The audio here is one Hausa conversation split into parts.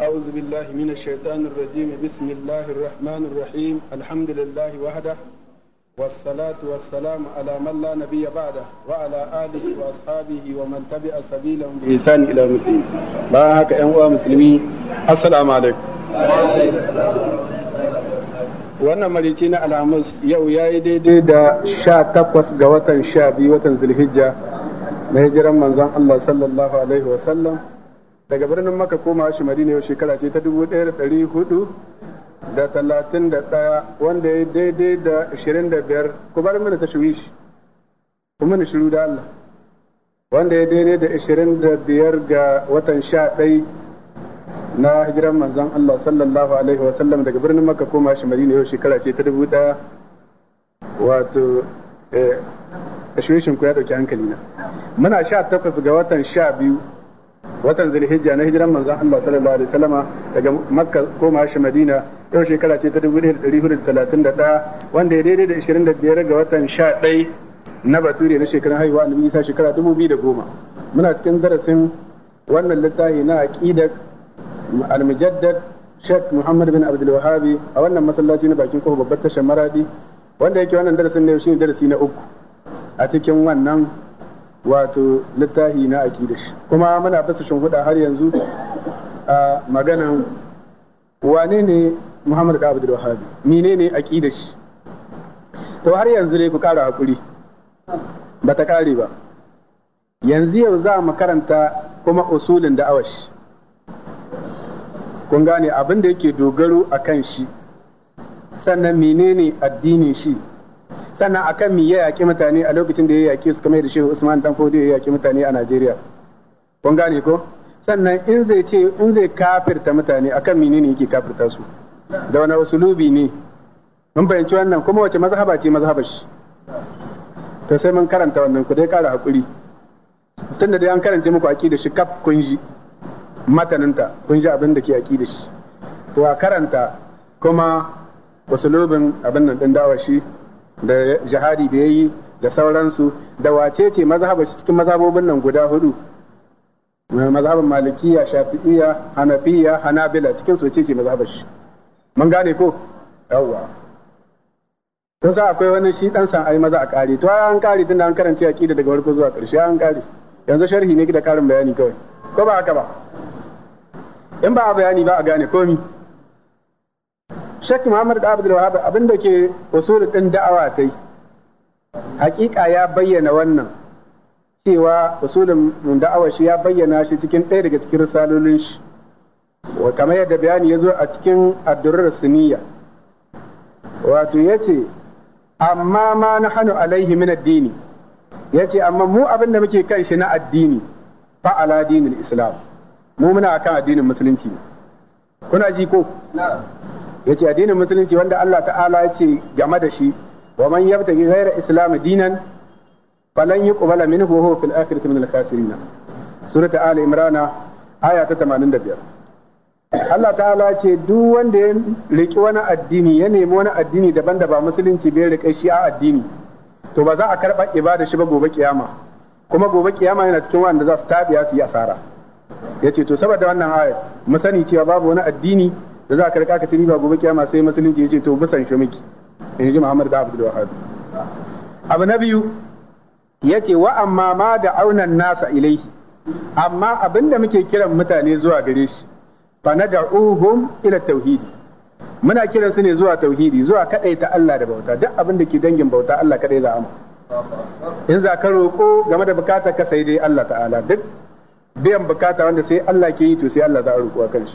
أعوذ بالله من الشيطان الرجيم بسم الله الرحمن الرحيم الحمد لله وحده والصلاة والسلام على من لا نبي بعده وعلى آله وأصحابه ومن تبع سبيلهم بإحسان إلى يوم الدين بارك أيها المسلمين السلام عليكم wannan marici na alhamis yau ya yi daidai da sha takwas ga watan sha biyu watan zulhijja na hijiran manzon Allah sallallahu alaihi wasallam daga birnin maka koma shi madina yau shekara ce ta dubu ɗaya da ɗari hudu da talatin da ɗaya wanda ya daidai da ashirin da biyar ku bar mini ta shuwishi ku mini shiru da Allah wanda ya daidai da ashirin da biyar ga watan sha ɗai na hijiran manzon Allah sallallahu alaihi wa sallam daga birnin maka koma shi madina yau shekara ce ta dubu ɗaya wato eh, ashirin ku ya ɗauki hankali na muna sha takwas ga watan sha biyu watan zulhijja na hijiran manzon Allah sallallahu alaihi wasallama daga makka koma shi madina yau shekara ce ta 1431 wanda ya daidai da 25 ga watan 11 na bature na shekarun haihuwa annabi isa shekara 2010 muna cikin darasin wannan littafi na aqidat al-mujaddad Sheikh Muhammad bin Abdul Wahhabi a wannan masallaci na bakin kofar babbar tashar Maradi wanda yake wannan darasin ne shi darasi na uku a cikin wannan wato littafi na da shi kuma muna fasa shimfiɗa har yanzu a maganan wane ne Muhammad da Abdul Wahhab mine ne da shi to har yanzu dai ku ƙara hakuri ba ta ƙare ba yanzu yau za mu karanta kuma usulin da awashi kun gane abin da yake dogaro a kan shi sannan menene addinin shi sannan akan mi ya yaƙi mutane a lokacin da ya yaƙi su kamar da shehu usman dan fodi ya yaƙi mutane a najeriya kun gane ko sannan in zai ce in zai kafirta mutane akan ne yake kafirta su da wani usulubi ne mun fahimci wannan kuma wace mazhaba ce mazhaba shi to sai mun karanta wannan ku dai ƙara hakuri da dai an karance muku aqida shi kaf kun ji mataninta kun ji abin da ke aqida shi to a karanta kuma usulubin abin nan din dawashi da jihadi da yi da sauransu da wace ce mazhaba cikin mazhabobin nan guda hudu mazhabin malikiya shafi'iya hanafiya hanabila cikin su ce mazhabar shi mun gane ko yawwa kun sa akwai wani shi dan san ai maza a kare to an kare tunda an karance aqida daga farko zuwa karshe an kare yanzu sharhi ne da karin bayani kawai ko ba haka ba in ba a bayani ba a gane komi Sheikh Muhammad da Abdul Wahab abin da ke usul din da'awa tai hakika ya bayyana wannan cewa usulin da'awa shi ya bayyana shi cikin ɗaya daga cikin risalolin shi wa kama yadda bayani ya zo a cikin addurar siniya wato ya ce amma ma na hannu alaihi min addini ya ce amma mu abin da muke kan shi na addini fa ala dinin islam mu muna kan addinin musulunci kuna ji ko yace addinin musulunci wanda Allah ta'ala ya ce game da shi wa man yabtaghi ghayra islam dinan falan yuqbala minhu wa huwa fil akhirati min al khasirin surah ali imran aya ta 85 Allah ta'ala ce duk wanda ya riki wani addini ya nemi wani addini daban da ba musulunci bai rike shi a addini to ba za a karba ibada shi ba gobe kiyama kuma gobe kiyama yana cikin wanda za su tabiya su yi asara yace to saboda wannan aya mu sani cewa babu wani addini da za ka rika ka ci riba gobe kiyama sai musulunci ya ce to bisan shi miki in ji Muhammad da Abdul Wahhab abu na biyu yace wa amma ma da aunan nasa ilaihi amma abinda muke kiran mutane zuwa gare shi fa nad'uhum ila tauhidi muna kiran su ne zuwa tauhidi zuwa ta Allah da bauta duk abin da ke dangin bauta Allah kadai za mu in za ka roƙo game da bukatar ka sai dai Allah ta'ala duk biyan bukata wanda sai Allah ke yi to sai Allah za a roƙo a kanshi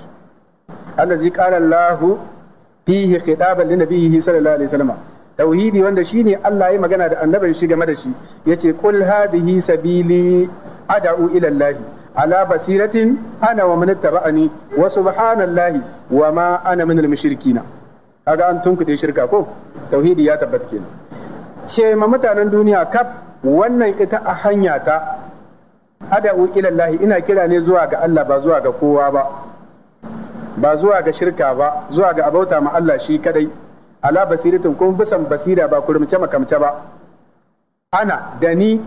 allazi qala Allahu fihi khitaban li nabiyhi sallallahu alaihi wasallam tauhidi wanda ne Allah ya magana da annabin shi game da shi yace qul hadhihi sabili ad'u ila Allah ala basiratin ana wa man ittaba'ani wa subhanallahi wa ma ana minal mushrikina kaga an tunkuɗe shirka ko tauhidi ya tabbata kenan ce ma mutanen duniya kaf wannan ita a hanya ta ad'u ila Allah ina kira ne zuwa ga Allah ba zuwa ga kowa ba ba zuwa ga shirka ba zuwa ga abauta ma Allah shi kadai ala basiratin kun bisan basira ba kurmice makamce ba ana da ni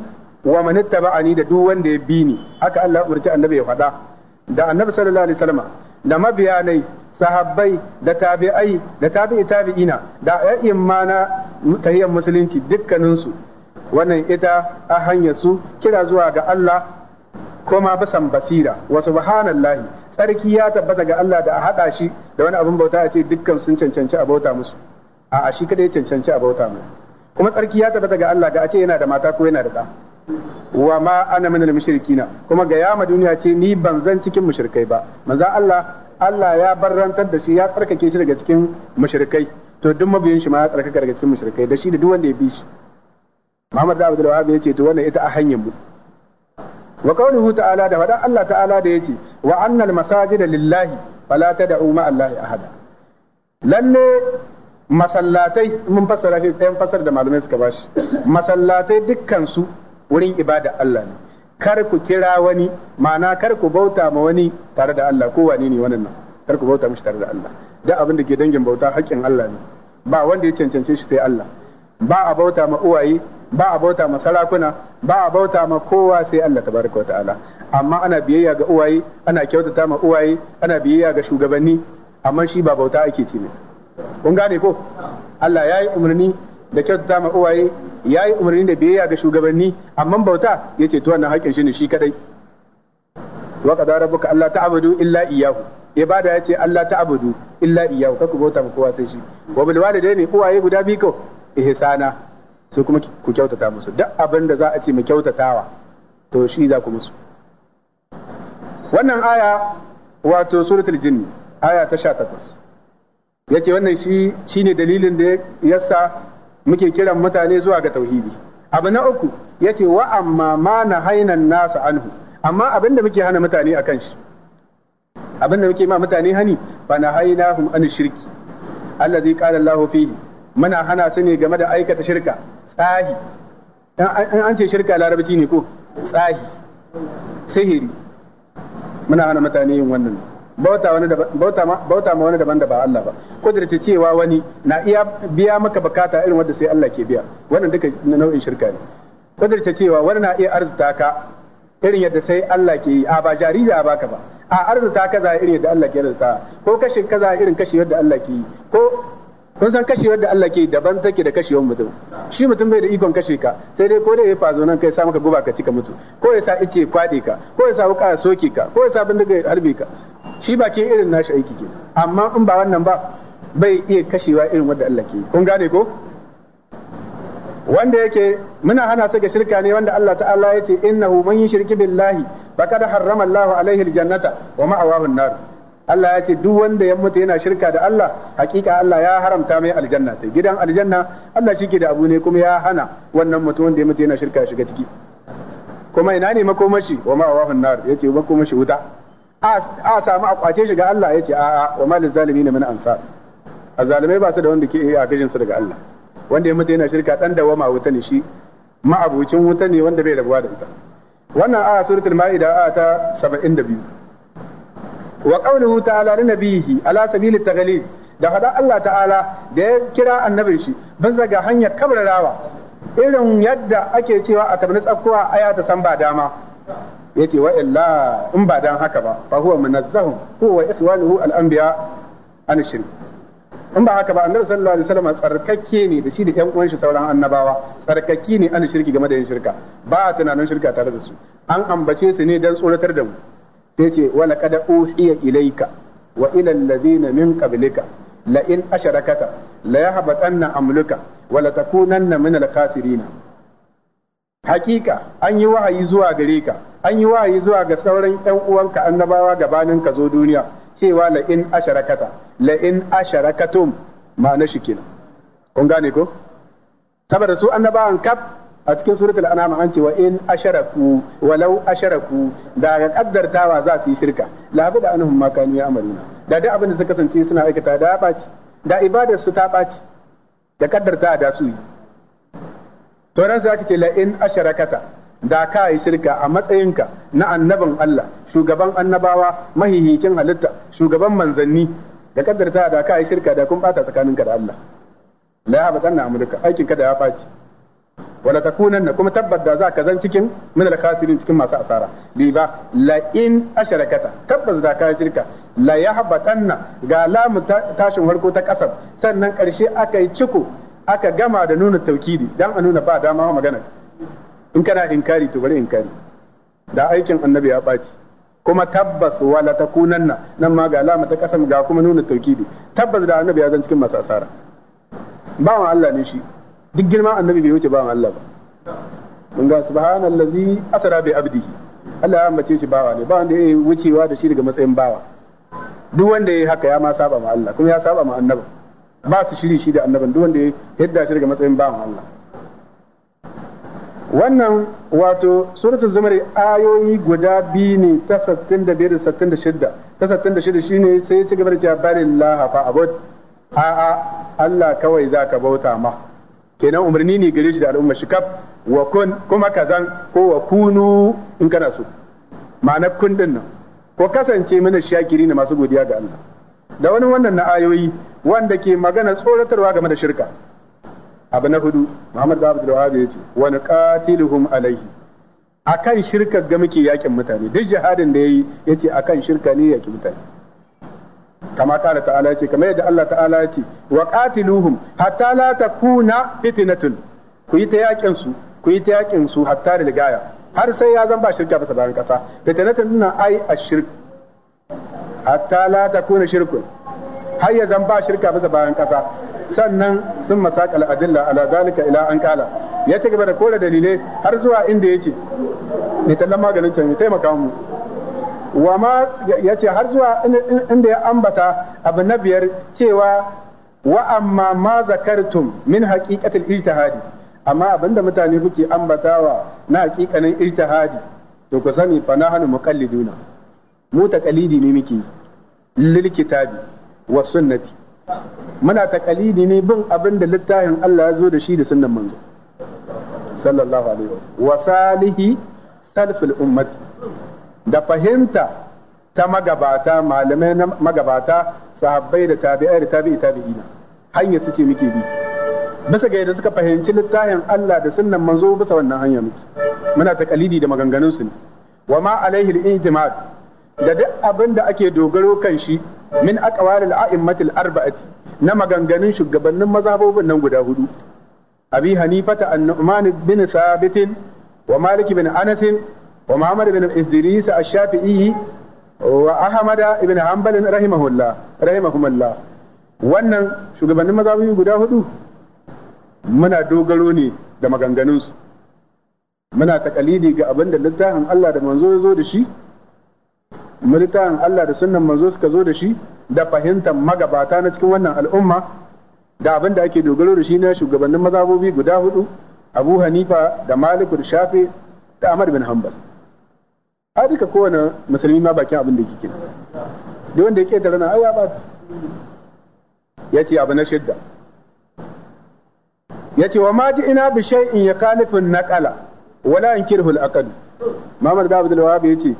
wa man ittaba'ani da duk wanda ya bi ni haka Allah ya umarci annabi ya faɗa da annabi sallallahu alaihi wasallam da mabiyanai sahabbai da tabi'ai da tabi'i tabi'ina da ayyin mana na tahiyyar musulunci dukkaninsu wannan ita a hanyar su kira zuwa ga Allah kuma bisan basira wa subhanallahi tsarki ya tabbata ga Allah da a haɗa shi da wani abin bauta a ce dukkan sun cancanci a bauta musu a shi kadai cancanci a bauta musu kuma tsarki ya tabbata ga Allah da a ce yana da mata ko yana da ɗa wa ma ana minal mushrikina kuma ga yama duniya ce ni ban zan cikin mushrikai ba manzo Allah Allah ya barrantar da shi ya tsarkake shi daga cikin mushrikai to duk mabiyin shi ma ya tsarkaka daga cikin mushrikai da shi da duk wanda ya bi shi Muhammad da Abdul Wahab ya ce to wannan ita a hanyar mu wa qawluhu ta'ala da faɗan Allah ta'ala da yake wa annal masajida lillahi fala tad'u ma Allahi ahada lalle masallatai mun fassara shi ɗayan fasar da malamai suka bashi masallatai dukkan su wurin ibada Allah ne kar ku kira wani ma'ana kar ku bauta ma wani tare da Allah ko wani ne wannan kar ku bauta mishi tare da Allah duk abin da ke dangin bauta haƙƙin Allah ne ba wanda ya cancance shi sai Allah ba a bauta ma uwaye ba a bauta ma sarakuna ba a bauta ma kowa sai Allah tabaraka wa ta'ala amma ana biyayya ga uwaye ana kyautata ma uwaye ana biyayya ga shugabanni amma shi ba bauta ake ci ne kun gane ko Allah ya yi umarni da kyautata ma uwaye ya yi umarni da biyayya ga shugabanni amma bauta ya ce to wannan haƙƙin shi ne shi kadai wa qadara rabbuka alla ta'budu illa iyyahu ibada ya ce Allah ta'budu illa iyyahu kaku bauta ma kowa sai shi wa bil walidaini uwaye guda biyu ko ihsana sai kuma ku kyautata musu duk abin da za a ce mu kyautatawa to shi za ku musu wannan aya wato suratul jinn aya ta 18 yace wannan shi shine dalilin da yasa muke kiran mutane zuwa ga tauhidi abu na uku yace wa amma ma na hainan nasu anhu amma abin da muke hana mutane akan shi abin da muke ma mutane hani fa na hainahum an shirki allazi qala Allah fihi muna hana su ne game da aikata shirka tsahi an ce shirka larabci ne ko tsahi sihiri muna hana mutane yin wannan bauta wani bauta ma wani daban da ba Allah ba kudurta cewa wani na iya biya maka bukata irin wanda sai Allah ke biya wannan duka nau'in shirka ne kudurta cewa wani na iya arzuta ka irin yadda sai Allah ke yi a ba jariri a baka ba a arzuta kaza irin yadda Allah ke arzuta ko kashin kaza irin kashi yadda Allah ke yi ko kun san kashewar da Allah ke daban take da kashewar mutum shi mutum bai da ikon kashe ka sai dai ko dai ya fazo nan kai sa maka guba ka cika mutu ko ya sa ice kwade ka ko ya sa wuka soke ka ko ya sa daga harbe ka shi ba ke irin nashi aiki ke amma in ba wannan ba bai iya kashewa irin wanda Allah ke kun gane ko wanda yake muna hana saka shirka ne wanda Allah ta'ala ya ce innahu man yushriku billahi faqad harrama Allahu alaihi aljannata wa ma'awahu an-nar Allah ya ce duk wanda ya mutu yana shirka da Allah hakika Allah ya haramta mai aljanna sai gidan aljanna Allah shi ke da abu ne kuma ya hana wannan mutum wanda ya mutu yana shirka shiga ciki kuma ina ne makomashi wa ma wahun nar yace makomashi wuta a samu a kwace shi ga Allah yace a a wa ma lizalimin min ansar azalimai ba su da wanda ke a gajin su daga Allah wanda ya mutu yana shirka dan dawama wuta ne shi ma'abucin wuta ne wanda bai rabuwa da ita wannan a suratul ma'ida a ta 72 wa qawluhu ta'ala li nabiyhi ala sabili taghlib da faɗa Allah ta'ala da ya kira annabin shi bisa ga hanyar kabrarawa irin yadda ake cewa a tabni tsakkuwa aya ta san ba dama yace wa illa in ba dan haka ba fa huwa munazzahun huwa ikhwanuhu al-anbiya an shirk in ba haka ba annabi sallallahu alaihi wasallam tsarkakke ne da shi da ƴan uwan shi sauran annabawa tsarkakke ne an shirki game da yin shirka ba tunanin shirka tare da su an ambace su ne dan tsoratar da mu sai ce wala kada uhiya ilayka wa ila alladhina min qablika la in asharakata la yahbatanna amluka wa la takunanna min al-khasirin hakika an yi wahayi zuwa gare ka an yi wahayi zuwa ga sauran yan uwanka annabawa gabanin ka zo duniya cewa la in asharakata la in asharakatum ma'ana shi kenan kun gane ko saboda su annabawan kaf a cikin suratul an'am an ce wa in asharaku walau asharaku da ga kaddartawa za su yi shirka la da anhum ma kanu ya'maluna da duk abin da suka kasance suna aikata da baci da ibadar su ta baci da kaddarta da su yi to ran sai aka ce la in asharakata da ka yi shirka a matsayinka na annabin Allah shugaban annabawa mahihikin halitta shugaban manzanni da kaddarta da ka yi shirka da kun bata tsakaninka da Allah la ya batanna amurka aikin ka da ya baci wala takunanna kuma tabbat da za ka zan cikin min al khasirin cikin masu asara li ba la in asharakata tabbas da ka shirka la yahbatanna ga lamu tashin farko ta kasab sannan karshe aka yi ciko aka gama da nuna taukidi dan a nuna ba dama magana in kana inkari to bari inkari da aikin annabi ya ɓaci kuma tabbas wala takunanna nan ma ga alama ta kasam ga kuma nuna taukidi tabbas da annabi ya zan cikin masu asara wa Allah ne shi duk girman annabi bai wuce bawan Allah ba mun ga subhanallazi asra bi abdihi Allah ya mace shi bawa ne ba wanda ya wucewa da shi daga matsayin bawa duk wanda ya haka ya ma saba ma Allah kuma ya saba ma annabi ba su shiri shi da annaban duk wanda ya yadda shi daga matsayin bawa Allah wannan wato suratul zumar ayoyi guda biyu ne ta 65 da 66 ta 66 shine sai ya ci gaba da cewa barillaha fa abud a'a Allah kawai zaka bauta ma kenan umarni ne gare shi da al'umma shi kaf wa kun kuma kazan ko wa kunu in kana so ma'ana kun din nan ko kasance mana shakiri ne masu godiya ga Allah da wani wannan na ayoyi wanda ke magana tsoratarwa game da shirka abu na hudu Muhammad bin Abdul Wahhab yace wa naqatiluhum alaihi akan shirka ga muke yakin mutane duk jihadin da yayi yace akan shirka ne yakin mutane kama kala ta'ala yace kamar yadda Allah ta'ala yace wa qatiluhum hatta la takuna fitnatun ku yi ta yakin su ku yi ta yakin su hatta da ligaya har sai ya zan ba shirka ba bayan kasa fitnatun ai ashirk hatta la takuna shirkun har ya zan ba shirka bayan kasa sannan sun masakal adilla ala zalika ila an kala ya ci gaba da kore dalilai har zuwa inda yake ne tallan maganin can ya taimaka mu wa ma ce har zuwa inda ya ambata abu na biyar cewa wa amma ma zakartum min haqiqatil ijtihadi amma abinda mutane kuke ambatawa na haƙiƙanin ijtihadi to ku sani fa nahnu muqalliduna mu taqalidi ne muke lil kitabi wa sunnati muna taqalidi ne bin abinda littafin Allah ya zo da shi da sunnan manzo sallallahu alaihi wa salihi salful ummati da fahimta ta magabata malamai na magabata sahabbai da tabi'ai da tabi'i tabi'ina hanyar su ce muke bi bisa ga yadda suka fahimci littafin Allah da sunnan manzo bisa wannan hanya muke muna ta kalidi da maganganun su ne wa ma alaihi al-ijtimad da duk abin da ake dogaro kan shi min al a'immatil arba'ati na maganganun shugabannin mazhabobin nan guda hudu abi hanifata an-nu'man bin thabit wa malik bin anas wa Muhammad ibn Idris ash-Shafi'i wa Ahmad ibn Hanbal rahimahullah rahimahumullah wannan shugabannin mazhabi guda hudu muna dogaro ne da maganganunsu muna takalidi ga abin da littafin Allah da manzo zo da shi littafin Allah da sunnan manzo suka zo da shi da fahimtar magabata na cikin wannan al'umma da abin da ake dogaro da shi na shugabannin mazhabobi guda hudu Abu Hanifa da Malik da Shafi da Ahmad bin Hanbal a duka kowane musulmi ma bakin abin da yake kina duk wanda ya ketare na ya ba ya ce abu na shidda ya ce wa ma ji ina bi in ya kalifin kala? wala in kirhul aqal Muhammad bin Abdul ya ce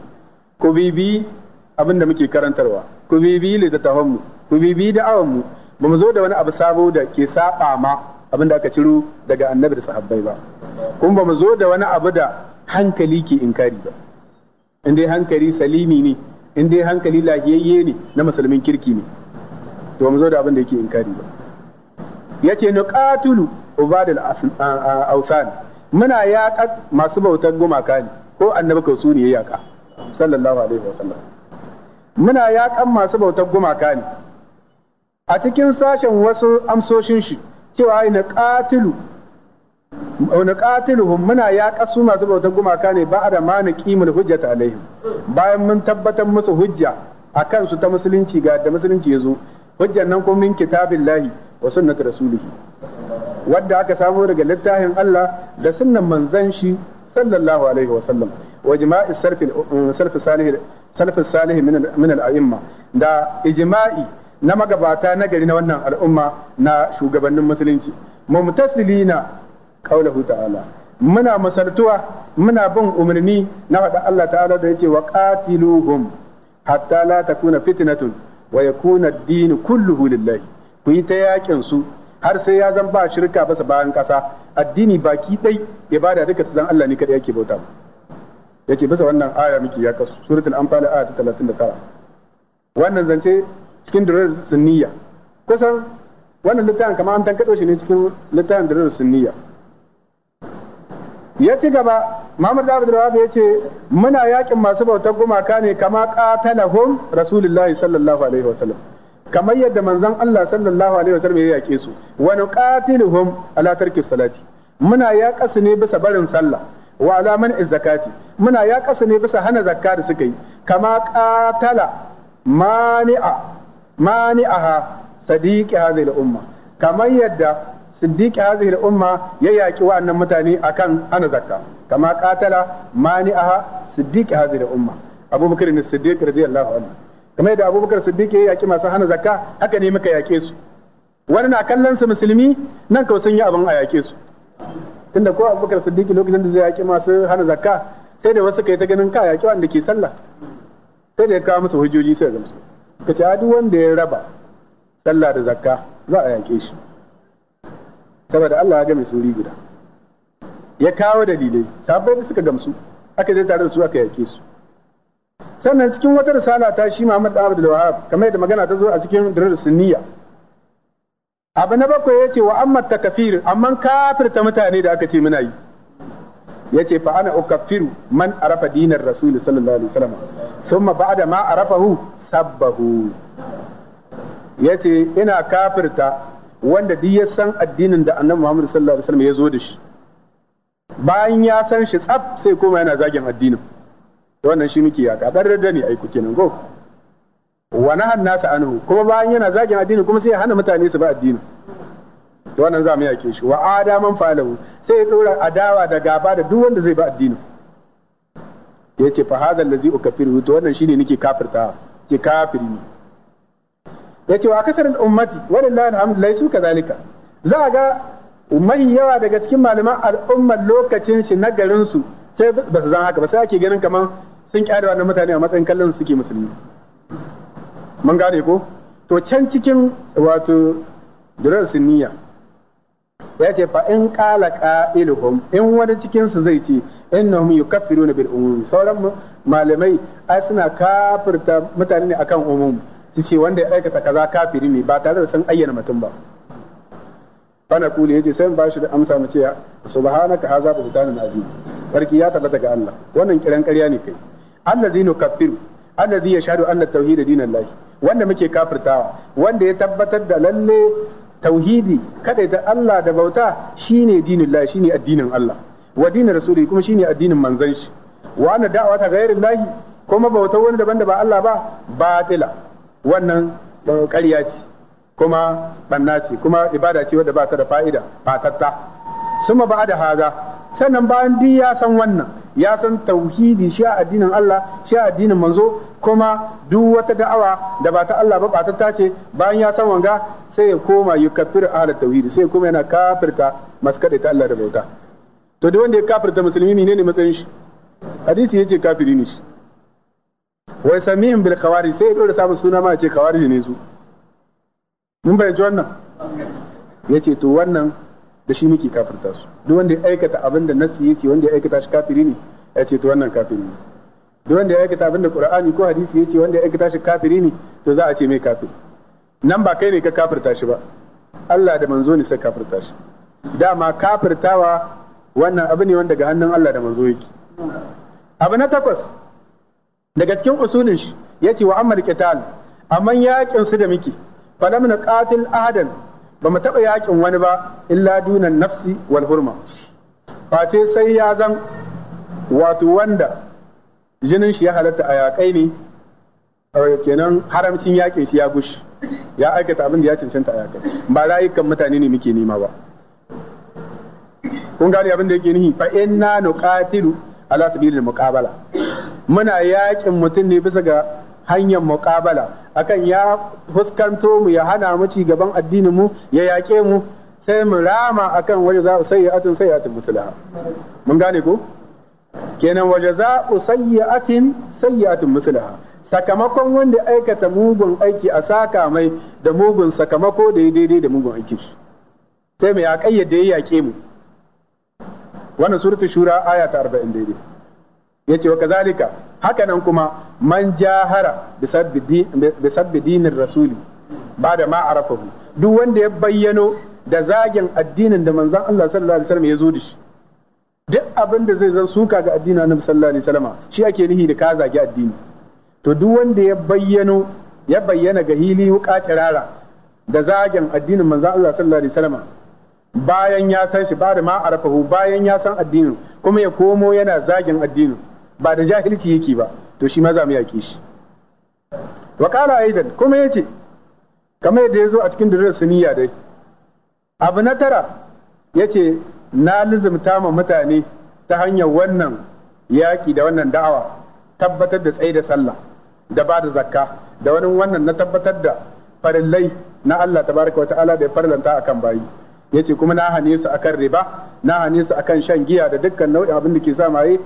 ku bibi abin da muke karantarwa ku bibi littattafan mu ku bibi awan mu ba mu zo da wani abu sabo da ke saba ma abin da aka ciro daga annabi da sahabbai ba kuma ba mu zo da wani abu da hankali ke inkari ba in dai hankali salimi ne in dai hankali lahiyayye ne na musulmin kirki ne to mu zo da abin da yake inkari ba yace katulu ubadul awsan muna yaƙa masu bautar gumaka ne ko annabi ka su ne ya yaƙa sallallahu alaihi wa sallam. muna yaƙan masu bautar gumaka ne a cikin sashen wasu amsoshin shi cewa na katulu. wani qatiluhum muna yaƙa kasu masu bautar gumaka ne ba da ma hujja hujjata alaihim bayan mun tabbatar musu hujja a kansu ta musulunci ga da musulunci ya zo hujjan nan kuma min lahi wa sunnati rasulihi wadda aka samu daga littafin Allah da sunnan manzon shi sallallahu alaihi wa sallam wa jima'i sarfi salih eh, salfi salih min al-a'imma da ijma'i na magabata na gari na wannan al'umma na shugabannin musulunci mumtasilina qaulahu ta'ala muna masaltuwa muna bin umarni na faɗa Allah ta'ala da yake wa qatiluhum hatta la takuna fitnatun wa yakuna ad-din kulluhu lillahi ku yi ta yakin su har sai ya zan ba shirka ba bayan kasa addini baki dai ibada duka zan Allah ne kada yake bauta yake bisa wannan aya muke ya kasu suratul anfal aya ta 39 wannan zance cikin durar sunniya kusan wannan littafin kamar an tankado shi ne cikin littafin durar sunniya ya ci gaba Muhammad Abdul Wahab ya ce muna yakin masu bautar gumaka ne kama qatalahum Rasulullahi sallallahu alaihi wasallam kamar yadda manzon Allah sallallahu alaihi wasallam ya yake su wa nuqatiluhum ala tarki salati muna yaƙa su ne bisa barin sallah wa ala man zakati muna yaƙa su ne bisa hana zakka da suka yi kama qatala mani'a mani'aha sadiqi hadhihi al-umma kamar yadda Siddiƙi hadhihi al-umma ya yaƙi wa annan mutane akan hana zakka kama qatala mani'aha Siddiƙi hadhihi al-umma abubakar ne siddiq radiyallahu anhu kama yadda abubakar siddiq ya yaƙi masu hana zakka haka ne muka yaƙe su wani na kallon su musulmi nan kawai sun yi abin a yaƙe su tunda ko abubakar siddiq lokacin da zai yaƙi masu hana zakka sai da wasu kai ta ganin ka yaƙi wanda ke sallah sai da ya kawo musu hujjoji sai ga musu kace duk wanda ya raba sallah da zakka za a yake shi saboda Allah ya game suri guda ya kawo dalilai sabai suka gamsu aka je tare da su aka yake su sannan cikin wata risala ta shi Muhammad Abdul Wahab kamar yadda magana ta zo a cikin Durrus Sunniya abu na bakwai yace wa amma takafir amma kafirta mutane da aka ce muna yi yace fa ana ukaffiru man arafa dinar rasul sallallahu alaihi wasallam thumma ba'da ma arafahu sabbahu yace ina kafirta wanda duk ya san addinin da annabi Muhammad sallallahu alaihi wasallam ya zo da shi bayan ya san shi tsaf sai kuma yana zagin addinin wannan shi muke yaka dan da ni ai kuke nan go wa nahan nasa anu kuma bayan yana zagin addinin kuma sai ya hana mutane su ba addinin to wannan za mu yake shi wa adaman falahu sai ya dora adawa da gaba da duk wanda zai ba addinin yace fa hadha allazi ukafiru to wannan shine nake kafirta ke kafiri ne Ya ce wa kasar ummati walillahi alhamdu laysu kadhalika za ga mahi yawa daga cikin malaman al'ummar lokacin shi na garin su sai ba su zan haka ba sai ake ganin kamar sun kyare wannan mutane a matsayin kallon suke musulmi mun gane ko to can cikin wato durar sunniya ya ce fa in qala qa'iluhum in wani cikin zai ce innahum yukaffiruna bil umum sauran malamai ai suna kafirta mutane ne akan umum yace wanda ya aikata kaza kafiri ne ba tare da san ayyana mutum ba ana kuli yace sai ba shi da amsa mu ce subhanaka haza buhtanun azim sarki ya tabbata ga Allah wannan kiran ƙarya ne kai allazi nukaffiru allazi yashhadu anna tauhid dinallahi wanda muke kafirtawa wanda ya tabbatar da lalle tauhidi kada ta Allah da bauta shine dinin shine addinin Allah wa dinin rasuli kuma shine addinin manzon shi wa anna da'wata ghairi lahi kuma bautar wani daban da ba Allah ba batila wannan ƙarya ce kuma banna ce kuma ibada ce wadda ba ta da fa'ida fatatta suma ba da haza sannan bayan duk ya san wannan ya san tauhidi shi a addinin Allah shi a addinin manzo kuma duk wata da'awa da ba ta Allah ba tatta ce bayan ya san wanga sai ya koma ya kafir ahla tauhidi sai kuma yana kafirta maskade ta Allah da bauta to duk wanda ya kafirta musulmi ne ne matsayin shi hadisi yace kafiri ne shi wai samihin bil kawari sai ya dora samun suna ma ce kawari ne su mun bai wannan ya ce to wannan da shi muke kafirta su duk wanda ya aikata abin da nasi yace wanda ya aikata shi kafiri ne ya ce to wannan kafiri ne duk wanda ya aikata abin da qur'ani ko hadisi yace wanda ya aikata shi kafiri ne to za a ce mai kafir nan ba kai ne ka kafirta shi ba Allah da manzo ne sai kafirta shi dama kafirtawa wannan abu ne wanda ga hannun Allah da manzo yake abu na takwas daga cikin usulin shi ya wa amma qital amma yakin su da muke falam na qatil ahadan ba mu taba yakin wani ba illa dunan nafsi wal hurma face sai ya zan wato wanda jinin shi ya halatta a yaƙai ne kenan haramcin yakin shi ya gushi ya aikata abin da ya cancanta a yaƙai ba rayukan mutane ne muke nema ba kun gane abin da yake nihi fa inna nuqatilu ala sabilil muqabala muna yakin mutum ne bisa ga hanyar muƙabala akan ya fuskanto mu ya hana mu ci gaban addinin mu ya yaƙe mu sai mu rama akan waje za sayyi'atun sayyi'atun mutulaha mun gane ku. kenan waje za sayyi'atin sayyi'atun mutulaha sakamakon wanda aikata mugun aiki a saka mai da mugun sakamako da daidai da mugun aiki sai mai ya kayyade ya yaƙe mu wannan surutu shura aya ta arba'in daidai Ya ce wa kazalika hakanan kuma man jahara bi sabbi dinin rasuli ba da ma arafahu duk wanda ya bayyano da zagin addinin da manzon Allah sallallahu alaihi wasallam ya zo da shi duk abin da zai zan suka ga addinin Annabi sallallahu alaihi wasallam shi ake nihi da ka zagi addini to duk wanda ya bayyano ya bayyana ga hili wuka tirara da zagin addinin manzon Allah sallallahu alaihi wasallam bayan ya san shi ba da ma arafahu bayan ya san addinin kuma ya komo yana zagin addinin ba da jahilci yake ba to shi ma za mu yake shi wa kala aidan kuma yace kamar yadda ya zo a cikin durar suniya dai abu na tara yace na lizumta ma mutane ta hanyar wannan yaƙi da wannan da'awa tabbatar da tsaye da sallah da ba da zakka da wani wannan na tabbatar da farillai na Allah tabaraka wa ta'ala da ya farlanta akan bayi yace kuma na hane su akan riba na hane su akan shan giya da dukkan nau'in abin da ke sa maye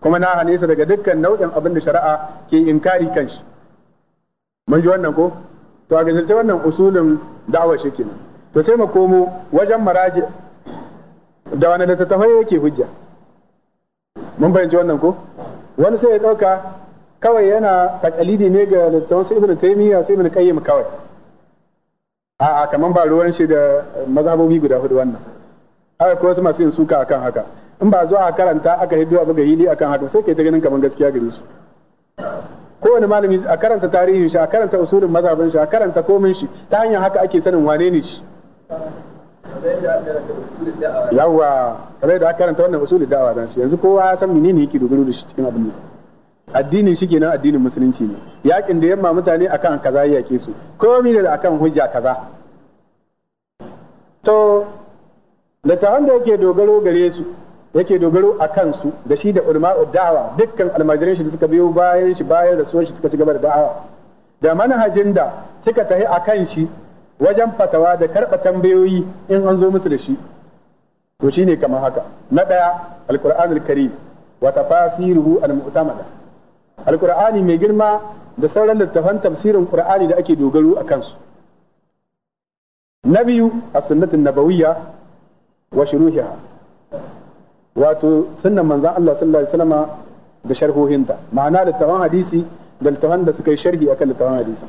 kuma na hane su daga dukkan nau'in abin da shari'a ke inkari kan shi mun ji wannan ko to a gajirce wannan usulin da'awa shi kenan to sai mu komo wajen maraji da wani littattafai yake hujja mun bayyance wannan ko wani sai ya ɗauka kawai yana takalidi ne ga littattafan sai ibnu taymiya sai ibnu qayyim kawai a'a kaman ba ruwan shi da mazhabobi guda hudu wannan haka ko wasu masu yin suka akan haka in ba zuwa a karanta aka yi duwa ga hili akan haka sai kai ta ganin kamar gaskiya gare su kowane malami a karanta tarihin shi a karanta usulin mazhabin shi a karanta komin shi ta hanyar haka ake sanin wane ne shi yawa kamar da aka karanta wannan usulin da'awa dan shi yanzu kowa ya san menene yake dogaro da shi cikin abin nan addinin shi kenan addinin musulunci ne yakin da yamma mutane akan kaza ya ke su komai da akan hujja kaza to da da yake dogaro gare su yake dogaro a kansu da shi da ulama da'awa dukkan almajirin shi da suka biyo bayan shi bayan rasuwar shi suka ci da da'awa da manhajin da suka tahi a kan shi wajen fatawa da karɓa tambayoyi in an zo musu da shi to shine kamar haka na ɗaya alqur'an alkarim wa tafasiruhu almu'tamada alqur'ani mai girma da sauran littafan tafsirin qur'ani da ake dogaro a kansu na biyu as-sunnatun nabawiyya wa shuruhiha wato sunan manzan Allah sallallahu alaihi wasallam da sharhohinta ma'ana littafan hadisi da littafan da suka yi sharhi akan littafan hadisi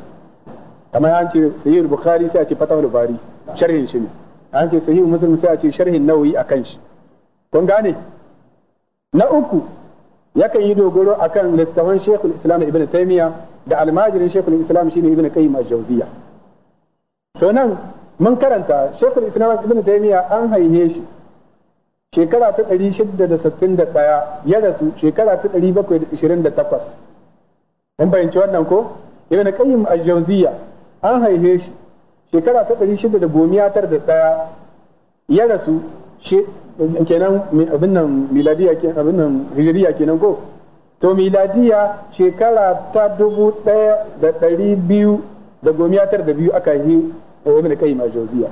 kama an ce sahih bukhari sai a ce fatawul bari sharhin shi ne an ce sahih muslim sai a ce sharhin nawawi akan shi kun gane na uku yakan yi dogoro akan littafan shekul islam ibn taymiya da almajirin shekul islam shine ibn qayyim al-jawziya to nan mun karanta shekul islam ibn taymiya an haihe shi shekara ta da da sittin ɗaya ya rasu shekara ta bakwai da da ishirin takwas. mun fahimci wannan ko ibn qayyim al-jawziya an haife shi shekara ta da ɗaya ya rasu kenan abin nan miladiya kenan abin nan hijiriya kenan ko to miladiya shekara ta dubu ɗaya da gomiya tar da biyu aka yi eh, ibn qayyim al-jawziya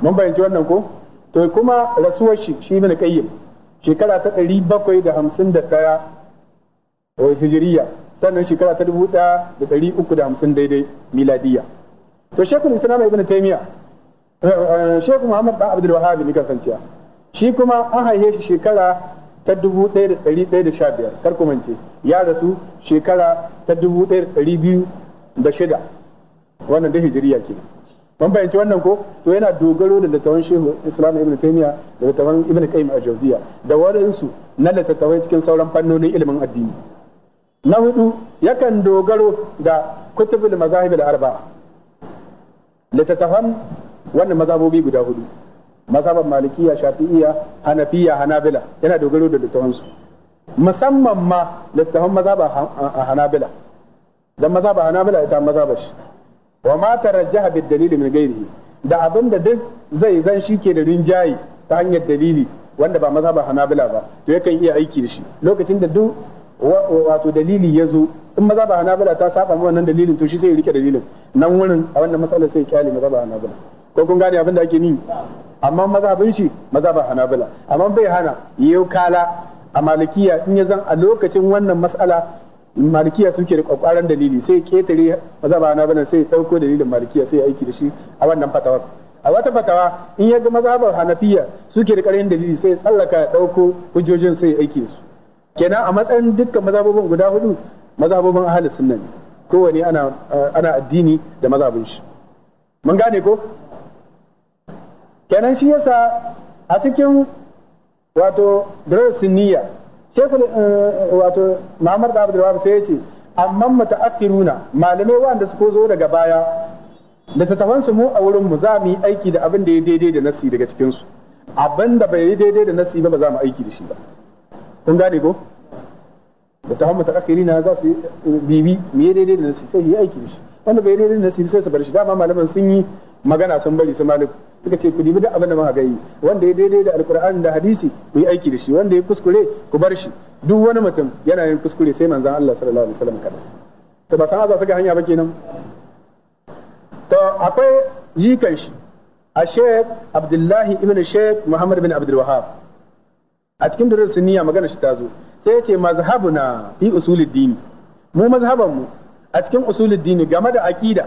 mun fahimci wannan ko to kuma rasuwar shi shi ibn qayyim shekara ta 751 wa hijriya sannan shekara ta 1350 daidai miladiya to shekul islam ibn taymiya eh, eh, shekul muhammad bin abdul wahhab ne kasanciya shi kuma an haife shi shekara ta 1115 kar ku ce ya rasu shekara ta 1206 wannan da hijriya kenan ban bayanci wannan ko to yana dogaro da littafin shehu islam ibn taymiya da littafin ibn qayyim a jawziya da wadansu na littattafai cikin sauran fannonin ilimin addini na hudu yakan dogaro da kutubul mazahib al-arba'a littattafan wannan mazhabobi guda hudu mazhaban malikiya shafi'iyya hanafiya hanabila yana dogaro da littattafan su musamman ma littattafan mazhaban hanabila dan mazhaban hanabila ita mazhabar shi wa ma tarajjaha bid dalili min ghairihi da abin da duk zai zan shi ke da rinjaye ta hanyar dalili wanda ba mazhaban hanabila ba to yakan iya aiki da shi lokacin da duk wato dalili ya zo in mazhaban hanabila ta saba mu wannan dalilin to shi sai ya rike dalilin nan wurin a wannan matsalar sai ya kyale mazhaban hanabila ko kun gane abin da ake ni amma mazhabin shi mazhaban hanabila amma bai hana yau kala a malikiya in ya zan a lokacin wannan matsala malikiya suke da kwakwaran dalili sai ketare mazhaba na bana sai dauko dalilin malikiya sai aiki da shi a wannan fatawa a wata fatawa in ya ga mazhabar hanafiya suke da karin dalili sai tsallaka ya dauko hujjojin sai aiki su kenan a matsayin dukkan mazabobin guda hudu mazabobin ahli sunna ne kowane ana ana addini da mazabin shi mun gane ko kenan shi yasa a cikin wato darasin niyya shekul wato Muhammad Abdul Wahab sai ya ce amma mutaakhiruna malamai wanda suka zo daga baya da littattafan su mu a wurin mu za mu yi aiki da abin da ya daidai da nasi daga cikin su abin da bai daidai da nasi ba ba za mu aiki da shi ba kun gane ko da littattafan na za su bibi mu yi daidai da nasi sai yi aiki da shi wanda bai daidai da nasi sai su bar shi dama malaman sun yi magana sun bari su malik suka ce ku dibi duk abin da muka gani wanda ya daidai da alkur'ani da hadisi ku yi aiki da shi wanda ya kuskure ku bar shi duk wani mutum yana yin kuskure sai manzon Allah sallallahu alaihi wasallam kada to ba san su suka hanya ba kenan to akwai jikan shi a Sheikh Abdullahi ibn Sheikh Muhammad bin Abdul Wahhab a cikin durar sunniya magana shi ta zo sai ya ce mazhabuna fi usulid mu mazhaban mu a cikin usulid dini game da aqida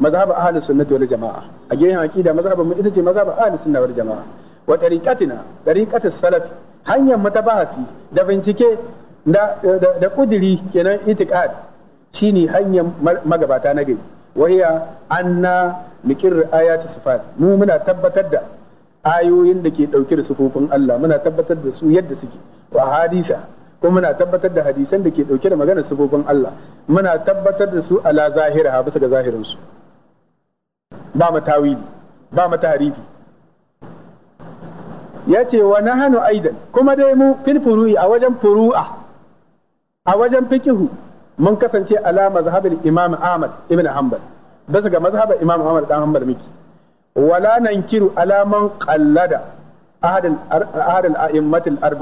mazhab ahli sunnati wal jamaa a gehen aqida mazhab mu ita ce mazhab ahli sunna jamaa wa tariqatina tariqatus salaf hanyar mu ta bahasi da bincike da ƙudiri kudiri kenan itiqad shine hanyar magabata na gari wahiya anna nikir ayati sifat mu muna tabbatar da ayoyin da ke dauke da sifofin Allah muna tabbatar da yadda suke ko muna tabbatar da hadisan da ke dauke da maganar sufofin Allah muna tabbatar da su ala zahira bisa ga zahirin su ba mu tawili ba mu tarifi ya ce wa nahanu aidan kuma dai mu fil furu'i a wajen furu'a a wajen fikihu mun kasance ala mazhabin imam ahmad ibn hanbal bisa ga mazhabin imam ahmad dan hanbal miki wala nankiru ala man qallada ahadul al a'immat al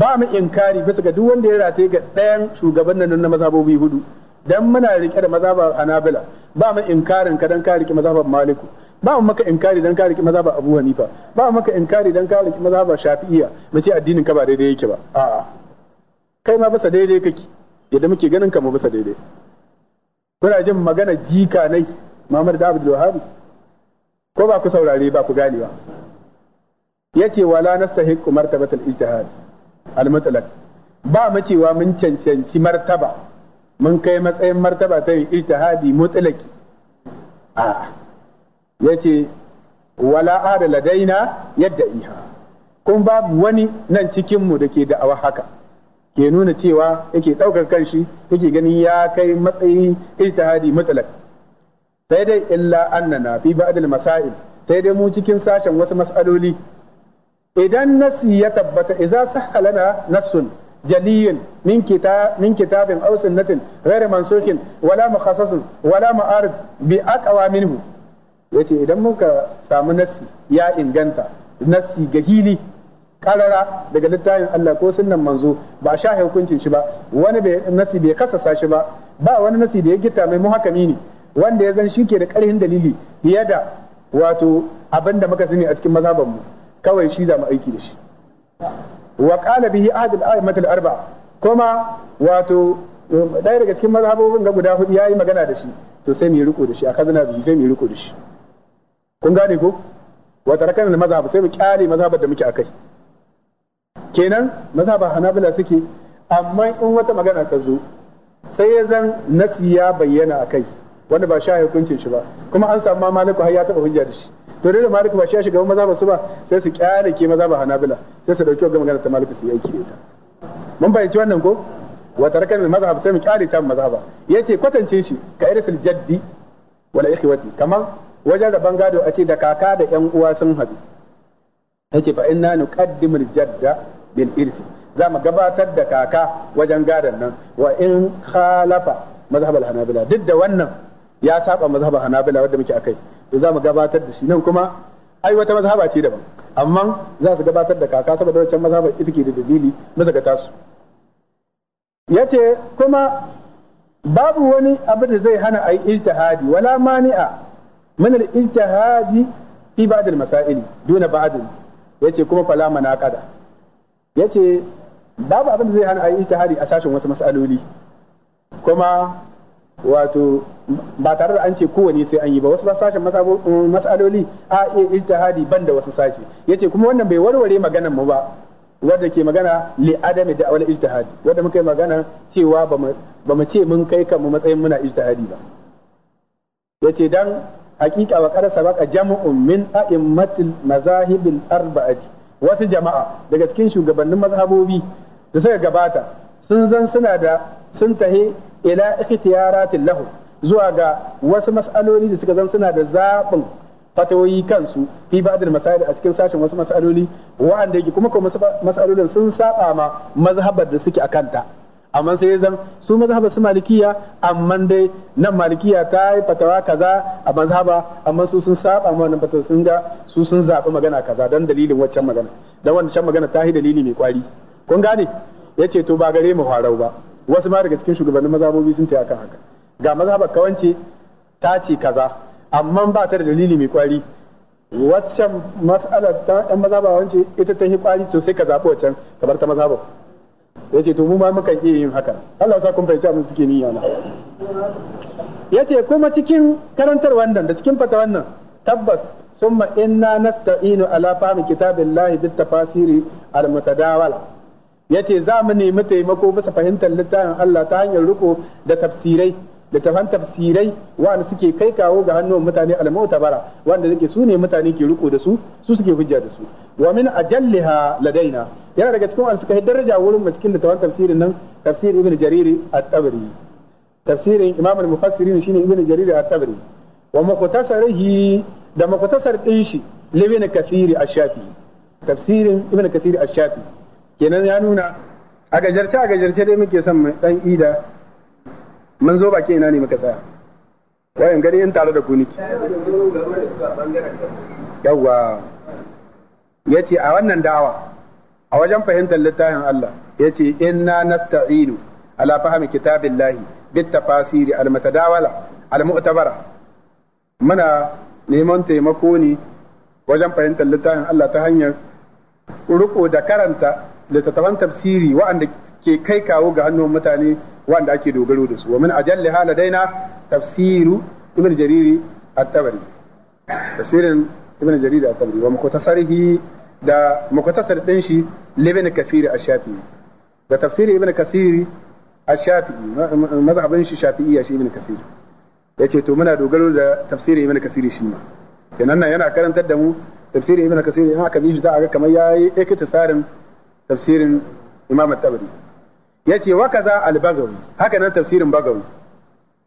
ba mu inkari bisa ga duk wanda ya rataye ga ɗayan shugaban nan na mazhabobi hudu dan muna rike da mazhabar hanabila ba mu inkarin ka dan ka rike mazhabar maliku ba mu maka inkari dan ka rike mazhabar abu hanifa ba mu maka inkari dan ka rike mazhabar shafi'iyya mu ce addinin ka ba daidai yake ba a'a kai ma bisa daidai kake yadda muke ganin ka mu bisa daidai kuna jin magana jika nai Muhammad da Abdul Wahhab ko ba ku saurare ba ku gane ba yace wala nastahiqu martabatal ijtihad al mutlaq ba mu cewa mun cancanci martaba mun kai matsayin martaba ta yin ijtihadi mutlaki a yace wala ada ladaina yadda iha kun babu wani nan cikin mu dake da'awa haka ke nuna cewa yake daukar kanshi yake ganin ya kai matsayin ijtihadi mutlak sai dai illa annana fi ba'd masail sai dai mu cikin sashen wasu mas'aloli idan nasi ya tabbata idza sahhalana nasun جلي من كتاب من كتاب أو سنة غير منسوخ ولا مخصص ولا معارض بأقوى منه yace idan muka samu nassi ya inganta nassi ga hili karara daga littafin Allah ko sunnan manzo ba sha hukuncin shi ba wani nassi bai kasasa shi ba ba wani nassi da ya gita mai muhakami ne wanda ya zan shi da karhin dalili fiye da wato abin da muka sani a cikin mazhabanmu kawai shi za mu aiki da shi wa qala bihi ahad al-a'immat al-arba'a kuma wato ɗaya daga cikin mazhabobin ga guda hudu yayi magana da shi to sai mu riko da shi akazna bihi sai mu riko da shi kun gane ko wa tarakana al-mazhab sai mu kyale mazhabar da muke akai kenan mazhabar hanabila suke amma in wata magana ta zo sai ya zan nasiya bayyana akai wanda ba sha hukuncin shi ba kuma an samu maliku har ya taba hujja da shi to da malik ba shi ya shiga maza ba su ba sai su kyale ke maza ba hanabila sai su dauki magana ta malik su yi aiki ta mun bayyanci wannan ko wa tarakan mazhab sai mu kyare ta ba. yace kwatance shi ka irsil jaddi wala ikhwati kamar wajen da bangado a ce da kaka da yan uwa sun haɗu yace fa inna nuqaddimul jadda bil irfi za mu gabatar da kaka wajen gadon nan wa in khalafa mazhab al hanabila duk da wannan ya saba mazhaban hanabila wadda muke akai to za mu gabatar da shi nan kuma ai wata mazhaba ce daban amma za su gabatar da kaka saboda wancan mazhabar ita ke da dalili na su. tasu yace kuma babu wani abu da zai hana ai ijtihadi wala mani'a min al-ijtihadi fi ba'd al-masail duna ba'd yace kuma fala manaqada yace babu abin da zai hana ai ijtihadi a sashin wasu mas'aloli kuma wato ba tare da an ce kowane sai an yi ba wasu sashen mm, mas'aloli a iya ijtihadi ban da wasu sashe yace kuma wannan bai warware maganar mu ba wanda ke magana li adami da wal ijtihadi wanda muka yi magana cewa ba mu ce mun kai kanmu matsayin muna ijtihadi ba yace dan hakika wa qara sabaqa jam'un min a'immatil mazahibil arba'ati wasu jama'a daga cikin shugabannin mazhabobi da suka gabata sun zan suna da sun tahe ila ikhtiyaratin lahu zuwa ga wasu mas'aloli da suka zan suna da zaɓin fatawoyi kansu fi ba'dil masail a cikin sashen wasu mas'aloli wa'anda yake kuma kuma mas'alolin sun saba ma mazhabar da suke akanta amma sai ya zan su mazhabar su malikiya amma dai nan malikiya ta yi fatawa kaza a mazhaba amma su sun saba ma wannan fatawa sun ga su sun zaɓi magana kaza dan dalilin waccan magana dan wancan magana ta yi dalili mai kwari kun gane yace to ba gare mu farau ba wasu ma daga cikin shugabannin mazhabobi sun ta akan haka ga mazhabar kawance ta ce kaza amma ba ta da dalili mai kwari waccan mas'alar ta ɗan mazhaba wance ita ta yi kwari to sai ka zaɓi waccan ka bar ta mazhabar ya ce to mu ma mukan iya yin haka Allah sa kun fahimci abin suke niyya na ya ce kuma cikin karantar wannan da cikin fata wannan tabbas summa inna nasta'inu ala fahmi kitabillahi bit tafasiri al mutadawala Ya ce za mu nemi taimako bisa fahimtar littafin Allah ta hanyar riko da tafsirai da tafan tafsirai wanda suke kai kawo ga hannun mutane almutabara wanda suke su ne mutane ke riko da su su suke hujja da su wa min ajalliha ladaina yana daga cikin wanda suka daraja wurin mu cikin littafin tafsirin nan tafsir ibn jariri at-tabari tafsirin imam al-mufassirin shine ibn jariri at-tabari wa muqtasarihi da muqtasar din shi libin kafiri ash-shafi tafsirin ibn kathir ash-shafi kenan ya nuna a gajarce a gajarce dai muke son mu dan ida mun zo baki ina ne muka tsaya wayan gari in tare da ku niki yawa yace a wannan dawa a wajen fahimtar littafin Allah yace inna nasta'inu ala fahmi kitabillahi bit tafasiri al mutadawala al mu'tabara muna neman taimako ne wajen fahimtar littafin Allah ta hanyar ruko da karanta littattafan tafsiri waɗanda ke kai kawo ga hannun mutane waɗanda ake dogaro da su wa min ajalli haladaina tafsiru ibn jariri at-tabari tafsirin ibn jariri at-tabari wa mukhtasarihi da mukhtasar din shi libin kafiri ash-shafi'i da tafsiri ibn kasiri ash-shafi'i mazhabin shi shafi'iyya shi ibn kasiri yace to muna dogaro da tafsiri ibn kasiri shi ma kenan nan yana karantar da mu tafsiri ibn kasiri in aka bi shi za a ga kamar yayi tsarin. tafsirin imam at ya ce wa kaza al-bagawi haka nan tafsirin bagawi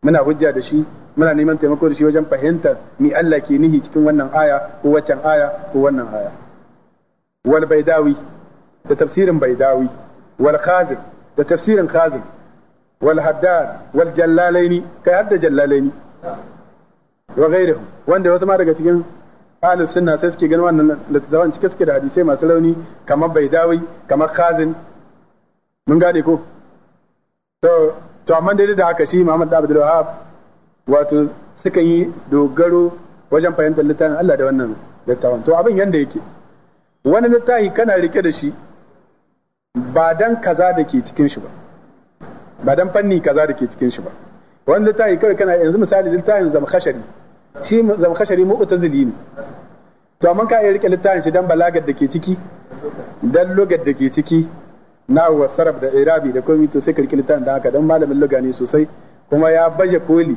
muna hujja da shi muna neman taimako da shi wajen fahimtar mi Allah ke nihi cikin wannan aya ko waccan aya ko wannan aya wal baidawi da tafsirin baidawi wal khazin da tafsirin khazin wal haddad wal jallalaini kai hadda jallalaini wa ghairihi wanda wasu ma daga cikin ahlus sunna sai suke ganin wannan littattafan cike suke da hadisai masu rauni kamar baidawi kamar khazin mun gane ko to to amma dai da haka shi Muhammad Abdul Wahab wato suka yi dogaro wajen fahimtar littafin Allah da wannan littafin to abin yanda yake wani littafi kana rike da shi ba dan kaza da ke cikin shi ba ba dan fanni kaza da ke cikin shi ba wani littafi kawai kana yanzu misali littafin zamkhashari shi mu zama kashari zamkashari zili ne to amma ka iya rike littafin shi dan balagar da ke ciki dan lugar da ke ciki na wa sarab da irabi da komi to sai ka rike littafin da haka dan malamin luga ne sosai kuma ya baje koli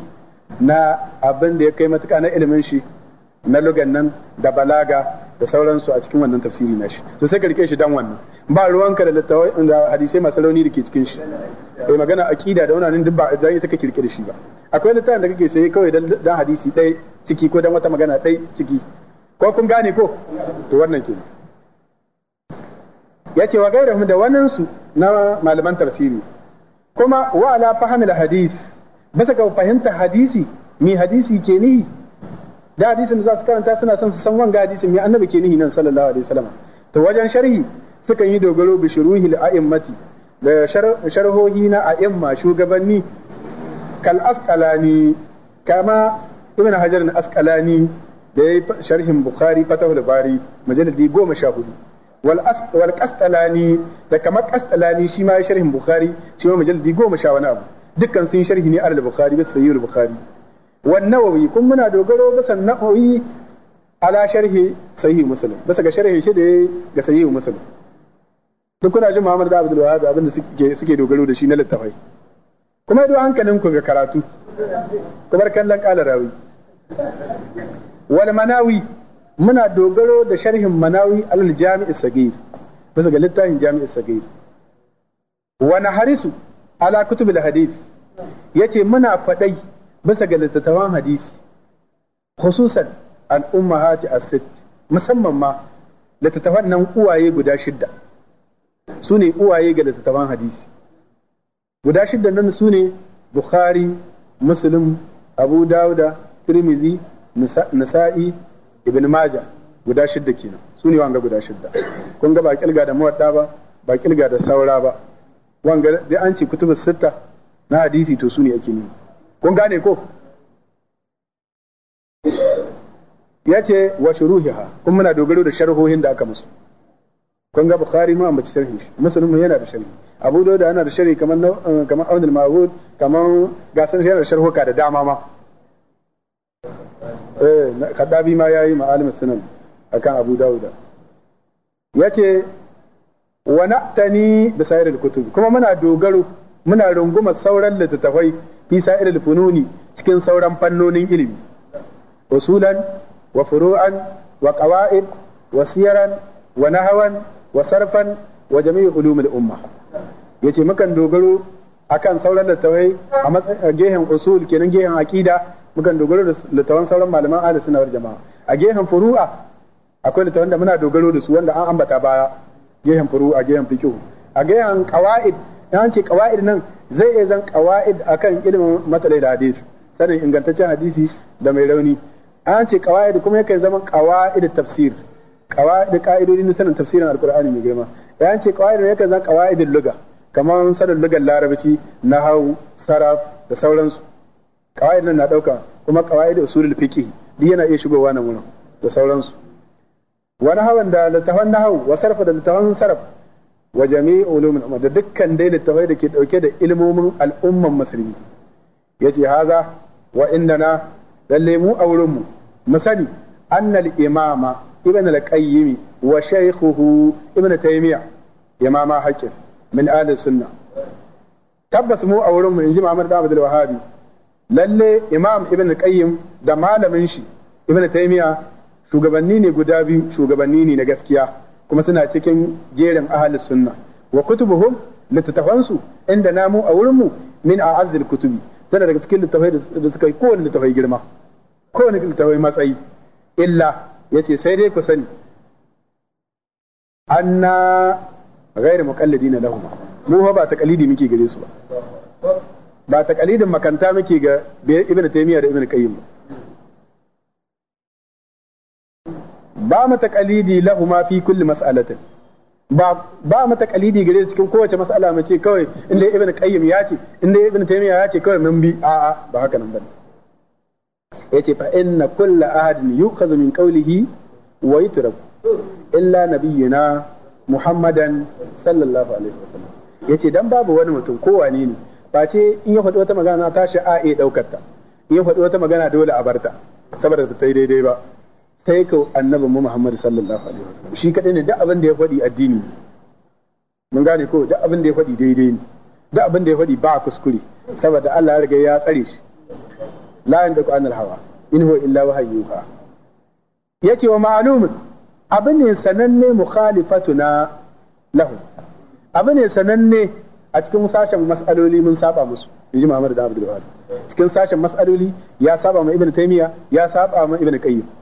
na abin da ya kai matuka na ilimin shi na lugan nan da balaga da sauransu a cikin wannan tafsiri na shi to sai ka rike shi dan wannan ba ruwanka da littawai da hadisai masu rauni da ke cikin shi bai eh, magana aqida da wannan duk ba dan ita kake rike da shi ba akwai littafin da kake sai kawai dan dan hadisi dai ciki ko dan wata magana dai ciki ko kun gane ko to wannan kenan yace wa gairahum da wannan su na malaman tafsiri kuma wa ala fahmi hadith bisa ka fahimta hadisi mi hadisi ke ni da hadisin da za su karanta suna son su san wanga hadisin me annabi ke nihi nan sallallahu alaihi wasallam to wajen sharhi sukan yi dogaro bi shuruhi a'immati da sharhohi na a'imma shugabanni kal asqalani kama ibn hajar al asqalani da yayi sharhin bukhari fatahul bari mujalladi 14 wal wal qastalani da kamar qastalani shi ma sharhin bukhari shi ma mujalladi 10 wani abu dukkan sun sharhi ne al bukhari bis sayyid bukhari wan nawawi kun muna dogaro bisa nawawi ala sharhi sahih muslim bisa ga sharhi shi da ga sahih muslim duk kuna jin Muhammad da Abdul Wahab abin da suke suke dogaro da shi na littafai kuma idan hankalin ku ga karatu bar kallon kala rawi wal manawi muna dogaro da sharhin manawi alal jami'i sagir bisa ga littafin jami'i sagir wa naharisu ala kutubil hadith yace muna fadai bisa ga littattafan hadisi khususan al'umma hati as musamman ma littattafan nan uwaye guda shidda su ne uwaye ga littattafan hadisi guda shidda nan su ne bukhari muslim abu dauda tirmizi nisa'i ibn majah guda shidda kenan su ne wanga guda shidda kun ga ba ga da muwadda ba ba ga da saura ba wanga da an ce kutubus sitta na hadisi to su ne ake nuna kun gane ko ya ce wa shuruhiha kun muna dogaro da sharhohin da aka musu kun ga bukhari ma ambaci sharhi musulmi yana da sharhi abu da yana da sharhi kamar eh, kamar abdul mahud kamar gasan yana da ka da dama ma eh kadabi ma yayi ma'alimin sunan akan abu dauda ce wa na'tani da sayar da kutubi kuma muna dogaro muna runguma sauran littattafai fi sa'iril fununi cikin sauran fannonin ilimi usulan wa furu'an wa qawaid wa siyaran wa nahawan wa sarfan wa jami'i ulumul umma yace mukan dogaro akan sauran littawai a matsayin gehen usul kenan gehen aqida mukan dogaro da littawan sauran malaman ahlus sunna wal jama'a a gehen furu'a akwai littawan da muna dogaro da su wanda an ambata baya gehen furu'a gehen fiqh a gehen qawaid ya ce kawa'id nan zai iya zan kawa'id akan ilimin matsalai da hadisi sanin ingantaccen hadisi da mai rauni an ce kawa'id kuma yakan zama kawa'id tafsir kawa'id ka'idodi na sanin tafsirin alqur'ani mai girma ya ce kawa'id yakan zama kawa'id luga kamar sanin lugar larabci nahau saraf da sauransu kawa'id nan na dauka kuma kawa'id usulul fiqh duk yana iya shigowa nan wurin da sauransu wani hawan da littafan nahau wa sarfa da littafan sarf wa jami'i ulumul umma da dukkan dai littafai da ke dauke da ilmomin al'umman musulmi yace haza wa na lalle mu a wurin mu mu sani annal imama ibn al-qayyim wa shaykhuhu ibn taymiya imama hakim min ahli sunna tabbas mu a wurin mu inji Muhammad da Abdul Wahhabi lalle imam ibn al-qayyim da malamin shi ibn taymiya shugabanni ne guda biyu shugabanni ne na gaskiya kuma suna cikin jerin ahlus sunna wa kutubuhum littattafansu inda namu a wurinmu min a'azzil kutubi sana daga cikin littafai da suka yi kowane littafai girma kowane littafai matsayi illa yace sai dai ku sani anna ghairu muqallidina lahum mu fa ba taqalidi muke gare su ba ba taqalidin makanta muke ga ibnu taymiya da ibnu qayyim ba ba mu taqalidi ma fi kulli mas'alatin ba ba mu taqalidi gare cikin kowace mas'ala mu ce kawai inda ibnu qayyim ya ce inda ibnu taymiya ya ce kawai mun bi a'a ba haka nan bane yace fa inna kulla ahadin yukhadhu min qawlihi wa yutraku illa nabiyyina muhammadan sallallahu alaihi wasallam yace dan babu wani mutum ko wane ne ba ce in ya faɗi wata magana ta sha'a ya daukar ta in ya faɗi wata magana dole a barta saboda ta yi daidai ba sai ka annabi mu Muhammad sallallahu alaihi wasallam shi kadai ne duk abin da ya faɗi addini mun gane ko duk abin da ya faɗi daidai ne duk abin da ya faɗi ba kuskure saboda Allah ya riga ya tsare shi la ku anil hawa in huwa illa wahayyuha yace wa ma'lumun abin ne sananne mukhalifatuna lahu abin ne sananne a cikin sashen mas'aloli mun saba musu inji Muhammad da Abdul Wahab cikin sashen mas'aloli ya saba ma Ibn Taymiyyah ya saba ma Ibn Qayyim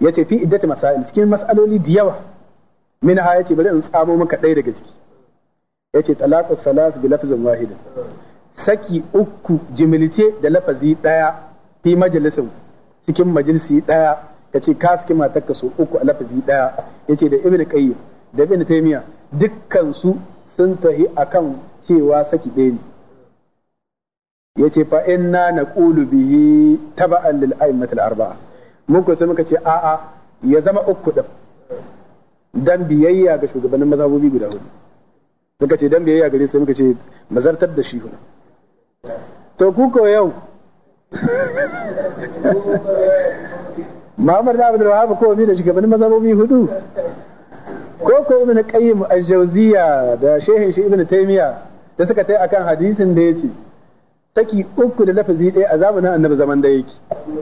yace fi iddati masail cikin mas'aloli da yawa min ha yace bari in tsamo maka ɗaya daga ciki yace talaqu salas bi lafzin wahidin saki uku jimilce da lafazi ɗaya fi majalisin cikin majalisi ɗaya ce ka saki matarka so uku a lafazi ɗaya yace da ibnu qayyim da ibnu taymiya dukkan su sun tahi akan cewa saki ɗaya ne yace fa inna naqulu bihi taba'an lil a'immatil arba'a mun ko sai muka ce a'a ya zama uku din dan biyayya ga shugabannin mazabobi guda hudu muka ce dan biyayya gare sai muka ce mazartar da shi huna to ku ko yau Muhammad Abdul Wahab ko mi da shugabannin mazabobi hudu ko ko ibn Qayyim al-Jawziya da shehin shi ibn Taymiya da suka tai akan hadisin da yace saki uku da lafazi ɗaya a zamanin annabi zaman ɗaya yake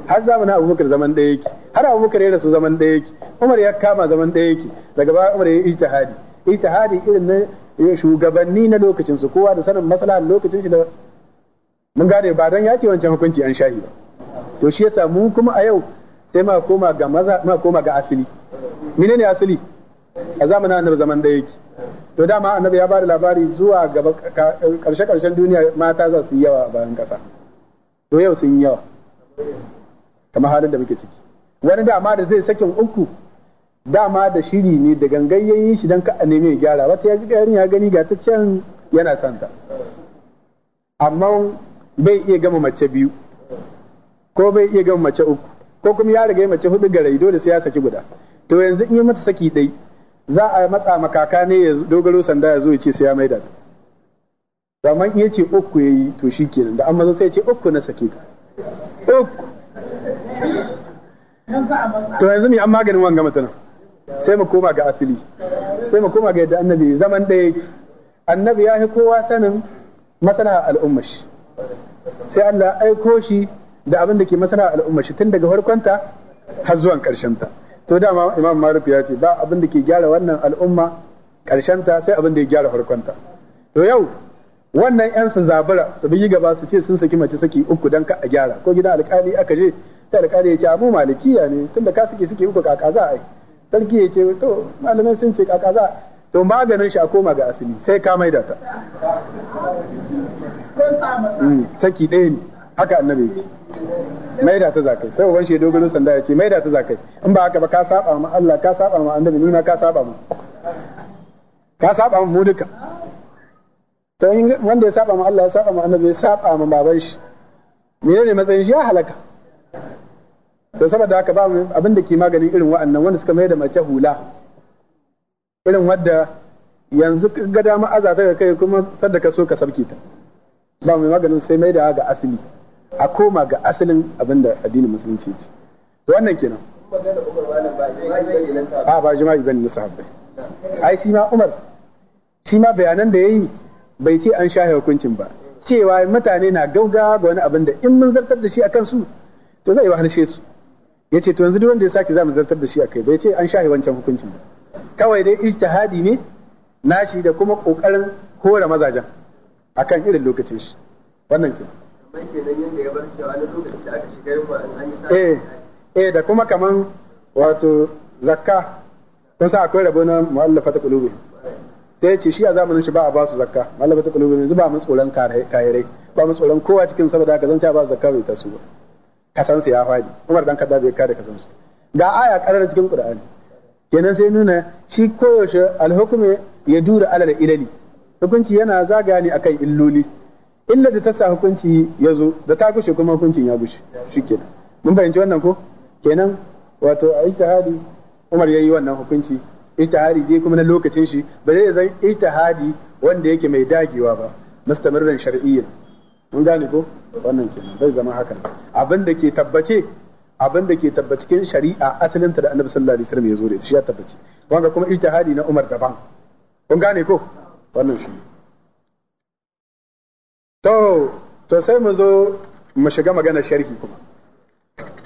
har zamanin abubakar zaman ɗaya yake har abubakar ya rasu zaman ɗaya yake umar ya kama zaman ɗaya yake daga baya umar ya yi ijtihadi ijtihadi irin na shugabanni na lokacin su kowa da sanin maslaha lokacin shi da mun gane ba dan ya ce wancan hukunci an shahi ba to shi yasa mu kuma a yau sai ma koma ga maza ma koma ga menene asali a zamanin annabi zaman da yake to dama annabi ya bada labari zuwa gaba karshe karshen duniya mata za su yi yawa a bayan kasa to yau sun yi yawa kamar halin da muke ciki wani dama da zai sakin uku dama da shiri ne da gangayen yi shi don ka a neme ya gyara wata ya ya gani ga ta can yana santa amma bai iya gama mace biyu ko bai iya gama mace uku ko kuma ya riga mace hudu ga dole sai ya saki guda to yanzu in yi mata saki ɗai za a matsa makaka ne ya dogaro sanda ya zo ya ce sai ya maida ta Zaman iya ce uku ya yi to shi kenan da amma zo sai ya ce uku na sake ta uku to yanzu mai an maganin wanga mutanen sai mu koma ga asali sai mu koma ga yadda annabi zaman da annabi ya fi kowa sanin masana al'ummashi sai Allah aiko shi da abin da ke masana al'ummashi tun daga farkonta har zuwan ƙarshenta. ta to dama imam malik ya ce ba abin da ke gyara wannan al'umma karshen ta sai abin da ya gyara farkon ta to yau wannan yan su zabura su bi gaba su ce sun saki mace saki uku dan ka a gyara ko gidan alkali aka je sai alkali ya ce abu malikiya ne tunda ka saki suke uku kaka za a yi sarki ya ce to malamai sun ce kaka za to maganin shi a koma ga asali sai ka maida ta mm, saki ɗaya ne haka annabi ya ce maida ta zakai sai uban shi ya dogon sanda ya ce maida ta zakai in ba haka ba ka saba ma Allah ka saba ma annabi ni ma ka saba ma ka saba ma mu duka to wanda ya saba ma Allah ya saba ma annabi ya saba ma baban shi ne matsayin shi ya halaka to saboda haka ba mu abin da ke maganin irin wa'annan wanda suka mai da mace hula irin wadda yanzu ga dama azata ga kai kuma sadda ka so ka sarki ta ba mu maganin sai mai da ga asali a koma ga asalin abin da addinin musulunci ce to wannan kenan a ba jima'i bane na sahabbai ai shi ma Umar shi ma bayanan da yayi bai ce an shahe hukuncin ba cewa mutane na gauga ga wani abin da in mun zartar da shi a kansu to zai wahalshe su ya ce to yanzu duk wanda ya sake za mu zartar da shi a kai bai ce an shahe wancan hukuncin ba kawai dai ijtihadi ne nashi da kuma kokarin hore mazajen akan irin lokacin shi wannan kenan eh eh da kuma kaman wato zakka kun sa akwai rabo na ta kulubi sai ce shi a zamanin shi ba a basu zakka zakka ta kulubi ne ba mu tsoron kayarai ba mu tsoron kowa cikin saboda ka zanta ba zakka bai taso ba kasan su ya fadi Umar dan kada bai kare kasan su ga aya karar cikin Qur'ani kenan sai nuna shi koyaushe alhukumi ya dura alal ilali hukunci yana zaga ne akan illoli illa da ta sa hukunci ya zo da ta gushe kuma hukuncin ya gushe shikenan mun fahimci wannan ko kenan wato a ijtihadi Umar yayi wannan hukunci ijtihadi dai kuma na lokacin shi ba zai zan ijtihadi wanda yake mai dagewa ba mustamirran shar'iyyan mun gane ko wannan kenan bai zama haka abin da ke tabbace abin da ke tabbacikin shari'a asalin ta da Annabi sallallahu alaihi wasallam ya zo da shi ya tabbace wanda kuma ijtihadi na Umar daban kun gane ko wannan shi to to sai mu zo mu shiga magana sharhi kuma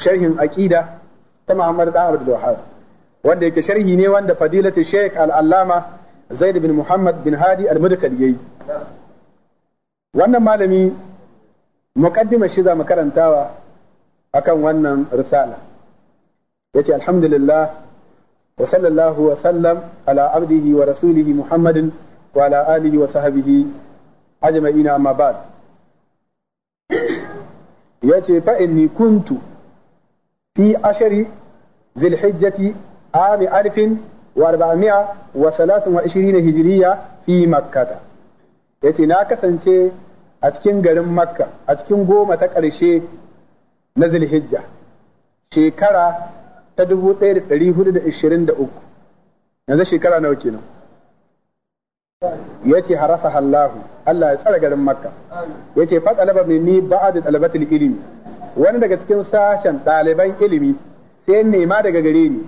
sharhin aqida ta Muhammad da Abdul Wahhab wanda yake sharhi ne wanda fadilatu Sheikh Al-Allama Zaid bin Muhammad bin Hadi Al-Mudkali yayi wannan malami muqaddima shi za mu karantawa akan wannan risala yace alhamdulillah wa sallallahu wa sallam ala abdihi wa rasulihi Muhammadin wa alihi wa sahbihi ma amma ba'd yace fa inni kuntu fi ashari arba'amiya wa salasin wa ishiri na hijiriya fi makkata ya yace na kasance a cikin garin makka a cikin goma ta ƙarshe na zilhijja shekara ta 1423 yanzu shekara nawa kenan yace harasa Allahu Allah ya tsara garin Makka yace fa talaba ni ba'd talabatil ilimi. wani daga cikin sashen ɗaliban ilimi sai nema daga gare ni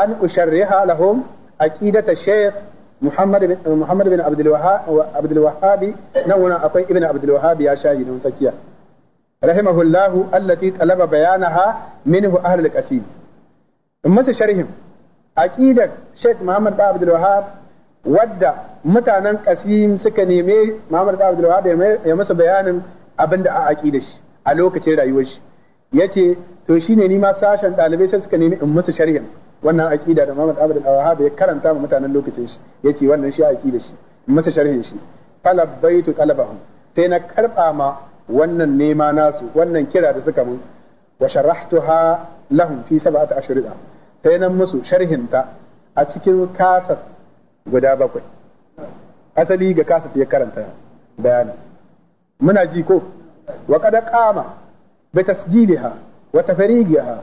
an usharriha lahum a ƙidata Muhammad Muhammad bin Abdul nan wannan akwai Ibn Abdul ya shayi don tsakiya rahimahullahu allati talaba bayanaha minhu ahlul qasid in masa sharhin aqidat Sheikh Muhammad bin Abdul wadda mutanen kasim suka neme Muhammad bin Abdul ya masa bayanin abin da a da shi a lokacin rayuwar shi yace to shine ni ma sashen ɗalibai sai suka nemi in musu sharhin wannan aqida da Muhammad Abdul ya karanta wa mutanen lokacin shi yace wannan shi aqida shi in musu sharhin shi talabbaitu talabahum sai na karba ma wannan nema nasu wannan kira da suka mun wa sharahtuha lahum fi sab'ati ashridah sai nan musu sharhinta a cikin kasar guda bakwai asali ga kasa ya karanta bayanin muna ji ko wa qad qama bi tasjiliha wa tafrigiha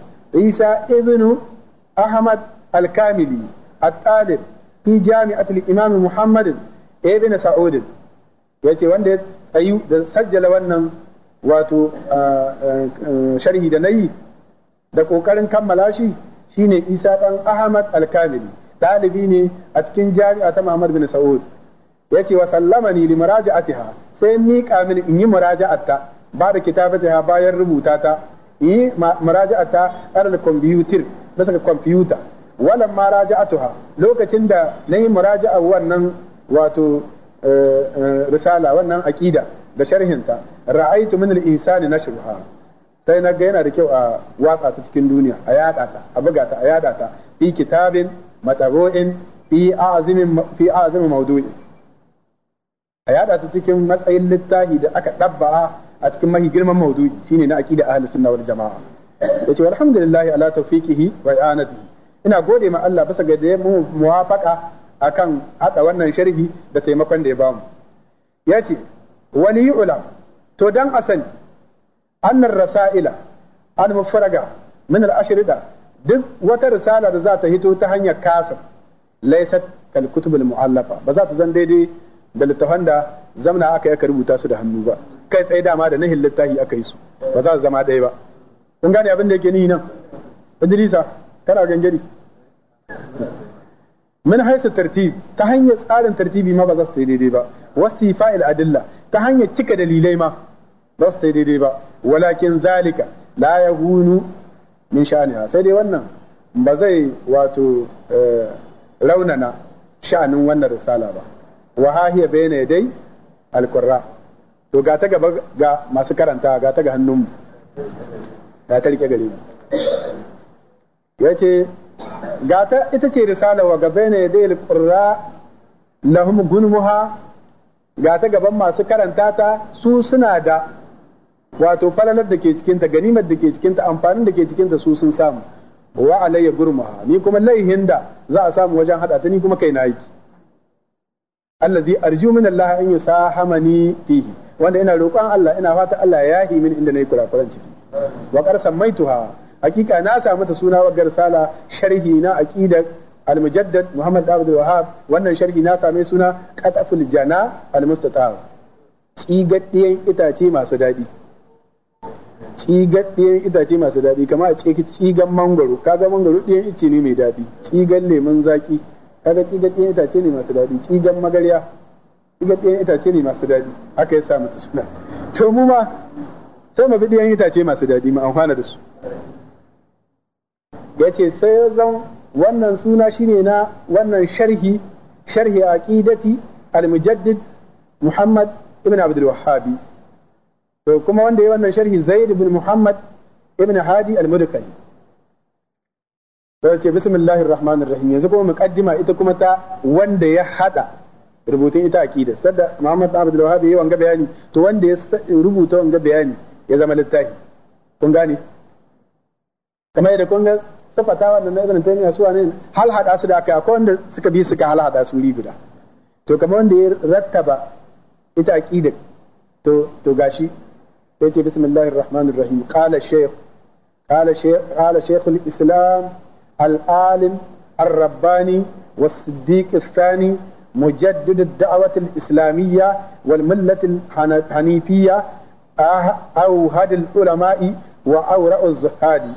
isa ibnu ahmad al-kamili at-talib fi jami'at al-imam muhammad ibn sa'ud yace wanda ya tsayu da sajjala wannan wato sharhi da nayi da kokarin kammala shi shine isa dan ahmad al-kamili ɗalibi ne a cikin jami'a ta Muhammad bin Sa'ud ce wa sallamani li muraja'atiha sai miƙa mini in yi muraja'atta ba da kitabatiha bayan rubuta ta yi muraja'ata da computer bisa ga computer walan ma lokacin da nayi muraja'a wannan wato eh, eh, risala wannan aqida da sharhinta ra'aitu min al-insani nashruha sai na ga yana da kyau a watsa ta cikin duniya a yada ta a buga ta a yada ta fi kitabin matsaro'in fi azimin fi a yada su cikin matsayin littafi da aka ɗabba'a a cikin mahi girman maudu'i shine na aqida ahli sunna wal jama'a yace alhamdulillah ala tawfiqihi wa i'anatihi ina gode ma Allah bisa ga da mu muwafaqa akan hada wannan sharhi da taimakon da ya bamu yace wani ula to dan asali annar rasaila al mufraga min al ashrida duk wata risala da za ta hito ta hanyar kasar laisat kal kutubul mu'allafa ba za ta zan daidai da littafan da zamna aka yi aka rubuta su da hannu ba kai tsaye dama da nahin littafi aka yi su ba za su zama ɗaya ba kun gane abin da yake ni nan Idrisa kana gangari min haisu tartib ta hanyar tsarin tartibi ma ba za su yi daidai ba wasti fa'il adilla ta hanyar cika dalilai ma ba su yi daidai ba walakin zalika la yahunu min sha'aniha sai dai wannan ba zai wato eh, raunana sha'anin wannan risala ba wa hahiya bayna dai alqurra to ga ta gaba ga masu karanta ga ta ga hannunmu ga ta rike gare mu yace ga ta ita ce risala wa ga bayna dai alqurra lahum gunmuha ga ta gaban masu karanta ta su suna da wato falalar da ke cikinta ganimar da ke cikinta amfanin da ke cikinta su sun samu wa alayya gurmaha ni kuma laihin da za a samu wajen hada ta ni kuma kai na yi allazi arju min Allah an yusahamani fihi wanda ina roƙon Allah ina fata Allah ya yahi min inda nayi kurakuran ciki wa qarsan maituha hakika na samu ta suna wa garsala sharhi na aqidar al-mujaddad Muhammad Abdul wannan sharhi na same suna qataful jana al-mustataf tsigaddiyan itace masu daɗi cigar ɗiyan itace masu daɗi kama a ce cigan mangoro kaga mangoro ɗiyan ice ne mai daɗi cigan lemun zaki kaga cigar ɗiyan itace ne masu daɗi cigan magarya cigar ɗiyan itace ne masu daɗi haka ya sa mata suna to mu ma sai mu bi ɗiyan itace masu daɗi mu amfana da su ya ce sai zan wannan suna shine na wannan sharhi sharhi aqidati al-mujaddid Muhammad ibn Abdul Wahhabi to kuma wanda ya wannan sharhi zaid ibn muhammad ibn hadi al-mudkali sai ce bismillahir rahmanir rahim yanzu kuma muqaddima ita kuma ta wanda ya hada rubutun ita aqida sadda muhammad abdul wahhab yayi wanga bayani to wanda ya rubuta wanga bayani ya zama littafi kun gane kamar yadda kun ga safata wannan na ibn taymiya su ne hal hada su da aka akwai wanda suka bi suka hal hada su ri guda to kamar wanda ya rattaba ita aqida to to gashi يجي بسم الله الرحمن الرحيم قال الشيخ قال شيخ قال شيخ الإسلام العالم الرباني والصديق الثاني مجدد الدعوة الإسلامية والملة الحنيفية أه- أوهد العلماء وأوراء الزهاد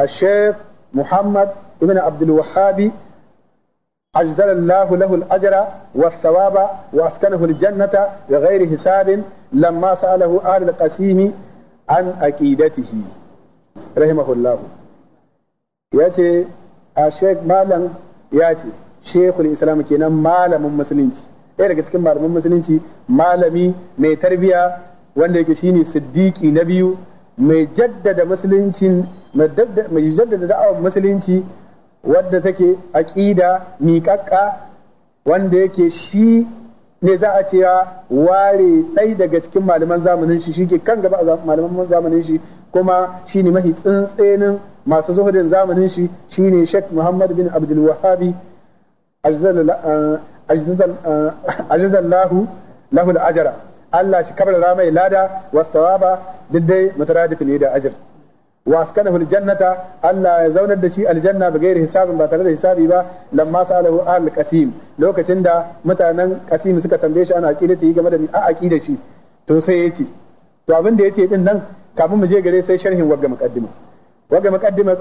الشيخ محمد ابن عبد الوهاب أجزل الله له الأجر والثواب وأسكنه الجنة بغير حساب لما سأله آل القسيم عن أكيدته رحمه الله يأتي الشيخ مالا يأتي شيخ الإسلام كينا مالا من مسلمتي ɗaya daga cikin malaman musulunci malami mai tarbiya wanda yake shine siddiki na biyu mai jaddada musuluncin mai jaddada da'awar musulunci wadda take aƙida miƙaƙƙa wanda yake shi ne za a ce ya ware tsai daga cikin malaman zamanin shi shi ke kan gaba a malaman zamanin shi kuma shi ne mahi tsintsenin masu zuhudin zamanin shi shi ne Sheikh Muhammad bin Abdul Wahabi ajizallahu eh, eh, lahu ajara Allah shi kabar mai lada wasu tawaba duk dai mutaradifi ne da ajir. wa askanahu aljannata Allah ya zaunar da shi aljanna ba gairi hisabin ba tare da hisabi ba lamma salahu al lokacin da mutanen qasim suka tambaye shi ana aqidati game da ni a aqida shi to sai ya ce to abin da yace din nan kafin mu je gare sai sharhin wagga muqaddima wagga muqaddima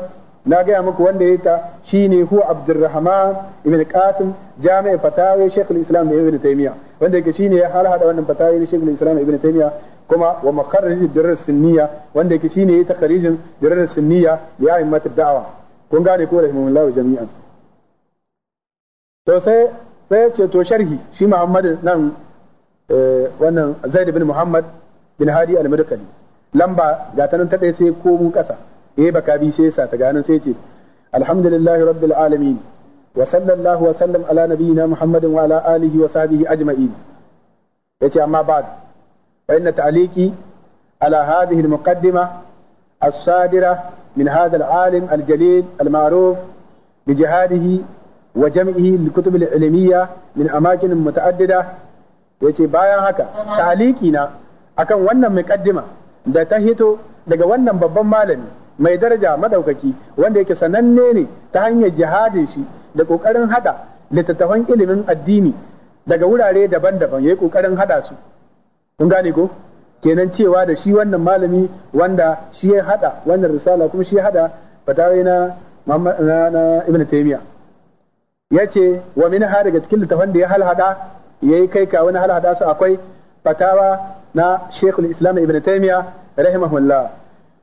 na gaya muku wanda ya ta ne huwa Abdurrahman ibn Qasim Jami' Fatawi Sheikh al-Islam Ibn Taymiyyah wanda yake ne ya har wannan fatawi na Sheikh islam Ibn kuma wa makharrij ad-durar sunniya wanda yake ne ya takharijin durar sunniya ya mata da'awa kun gane ko rahimahullahu jami'an to sai sai ce to sharhi shi Muhammad nan eh, wannan Zaid ibn Muhammad bin Hadi al-Madkali lamba ga ta nan ta sai ko bukasa. kasa eh baka bi sai sa ta ganin sai ce alhamdulillahi rabbil alamin wa sallallahu wa sallam ala nabiyyina muhammadin wa ala alihi wa sahbihi ajma'in yace amma ba'd fa inna ta'liqi ala hadhihi al jalil al من هذا العالم wa jam'i بجهاده Ilimiyya min العلمية من أماكن yace bayan haka taliki na akan wannan muqaddima da ta hito daga wannan babban malami mai daraja madaukaki wanda yake sananne ne ta hanyar jihadin shi da kokarin hada littattafan ilimin addini daga wurare daban-daban yayi kokarin hada su kun gane ko kenan cewa da shi wannan malami wanda shi ya hada wannan risala kuma shi ya hada fatawai na na ibn taymiya yace wa min ha daga cikin littafan da ya hal ya yayi kai ka wani hada su akwai fatawa na Sheikhul islam ibn rahima rahimahullah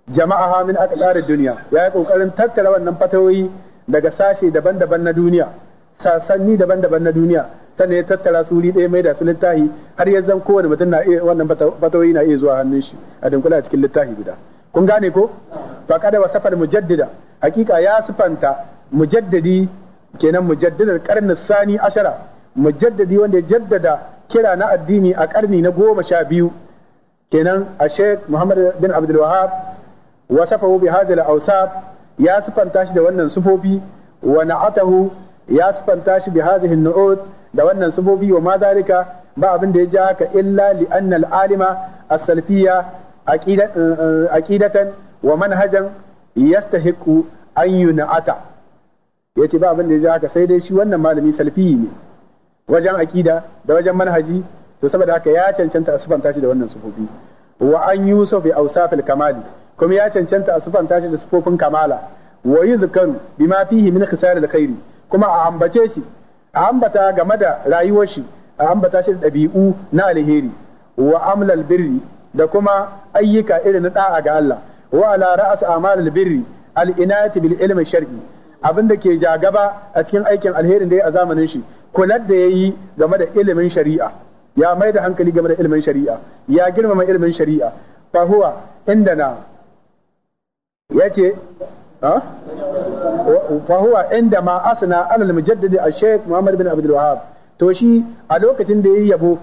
jama'a min tsara duniya ya yi ƙoƙarin tattara wannan fatawoyi daga sashe daban-daban na duniya sassanni daban-daban na duniya sannan ya tattara su wuri ɗaya mai da su littafi har ya zan kowane mutum na iya wannan fatawoyi na iya zuwa hannun shi a dunkula a cikin littafi guda kun gane ko ba kada wasafar mujaddida hakika ya sifanta mujaddadi kenan mujaddidar karnin sani ashara mujaddadi wanda ya jaddada kira na addini a karni na goma sha biyu kenan a sheikh muhammad bin Abdulwahab. wa safahu bi hadal ya sifanta shi da wannan sufofi wa na'atahu ya sifanta shi bi hadhihi da wannan sufofi wa ma ba abin da ya ja haka illa alima as a aqidatan wa manhajan yastahiqu an yace ba abin da ya ja haka sai dai shi wannan malami salfiyi ne wajen aqida da wajen manhaji to saboda haka ya cancanta a sifanta shi da wannan sufofi wa an yusuf bi ausafil al-kamali kuma ya cancanta a sufanta shi da sufofin kamala wa yuzkaru bima fihi min khisar khairi kuma a ambace shi a ambata game da rayuwar shi a ambata shi da ɗabi'u na alheri wa amlal birri da kuma ayyuka irin na da'a ga Allah wa ala ra'as amalil birri al inayati bil ilmi shar'i abin da ke ja gaba a cikin aikin alherin da ya a zamanin shi kular da yayi game da ilimin shari'a ya mai da hankali game da ilimin shari'a ya girmama ilimin shari'a fa huwa na. ya ce fa inda ma asna alal mujaddadi a sheikh muhammad bin abdul wahab to shi a lokacin da yayi yabo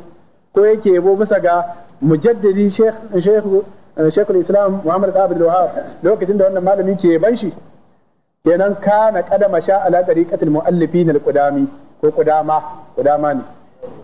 ko yake yabo bisa ga mujaddadi sheikh islam muhammad bin abdul wahab lokacin da wannan malami ke ban shi kenan kana qadama sha ala tariqatil muallifin al qudami ko qudama qudama ne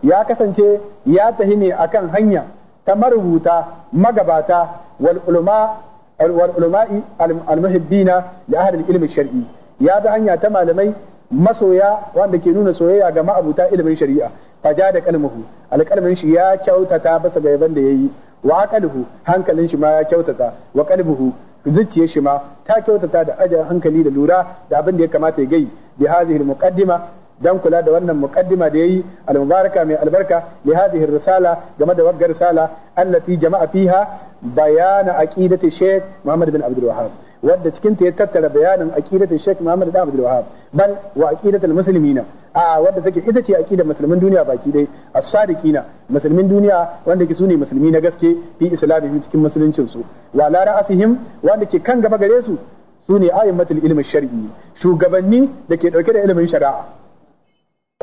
ya kasance ya tahi ne akan hanya ta marubuta magabata wal ulama والعلماء المحبين لأهل العلم الشرعي ya ده hanya ta malamai masoya wanda ke nuna soyayya ga ma'abuta ilimin shari'a faja da kalmuhu alƙalmin shi ya kyautata basa ga yaban da yayi wa aqaluhu hankalin shima ya kyautata wa qalbuhu zuciyar shima ta kyautata da ajin hankali da lura da abin da ya kamata ya gai bi hadhihi al-muqaddima dan kula da wannan muqaddima da yayi al-mubaraka mai albarka li hadhihi risala game da waggar risala allati jama'a fiha bayana aqidati Sheikh Muhammad bin Abdul Wahhab wadda cikin ta ya tattara bayanin aqidati Sheikh Muhammad bin Abdul Wahhab bal wa aqidatul muslimina a wadda take ita ce aqidar musulmin duniya baki dai as-sadiqina musulmin duniya wanda ke sune musulmi na gaske fi islami cikin musuluncin su wa la ra'asihim wanda ke kan gaba gare su sune ayyatul ilmi shar'i shugabanni da ke dauke da ilimin shari'a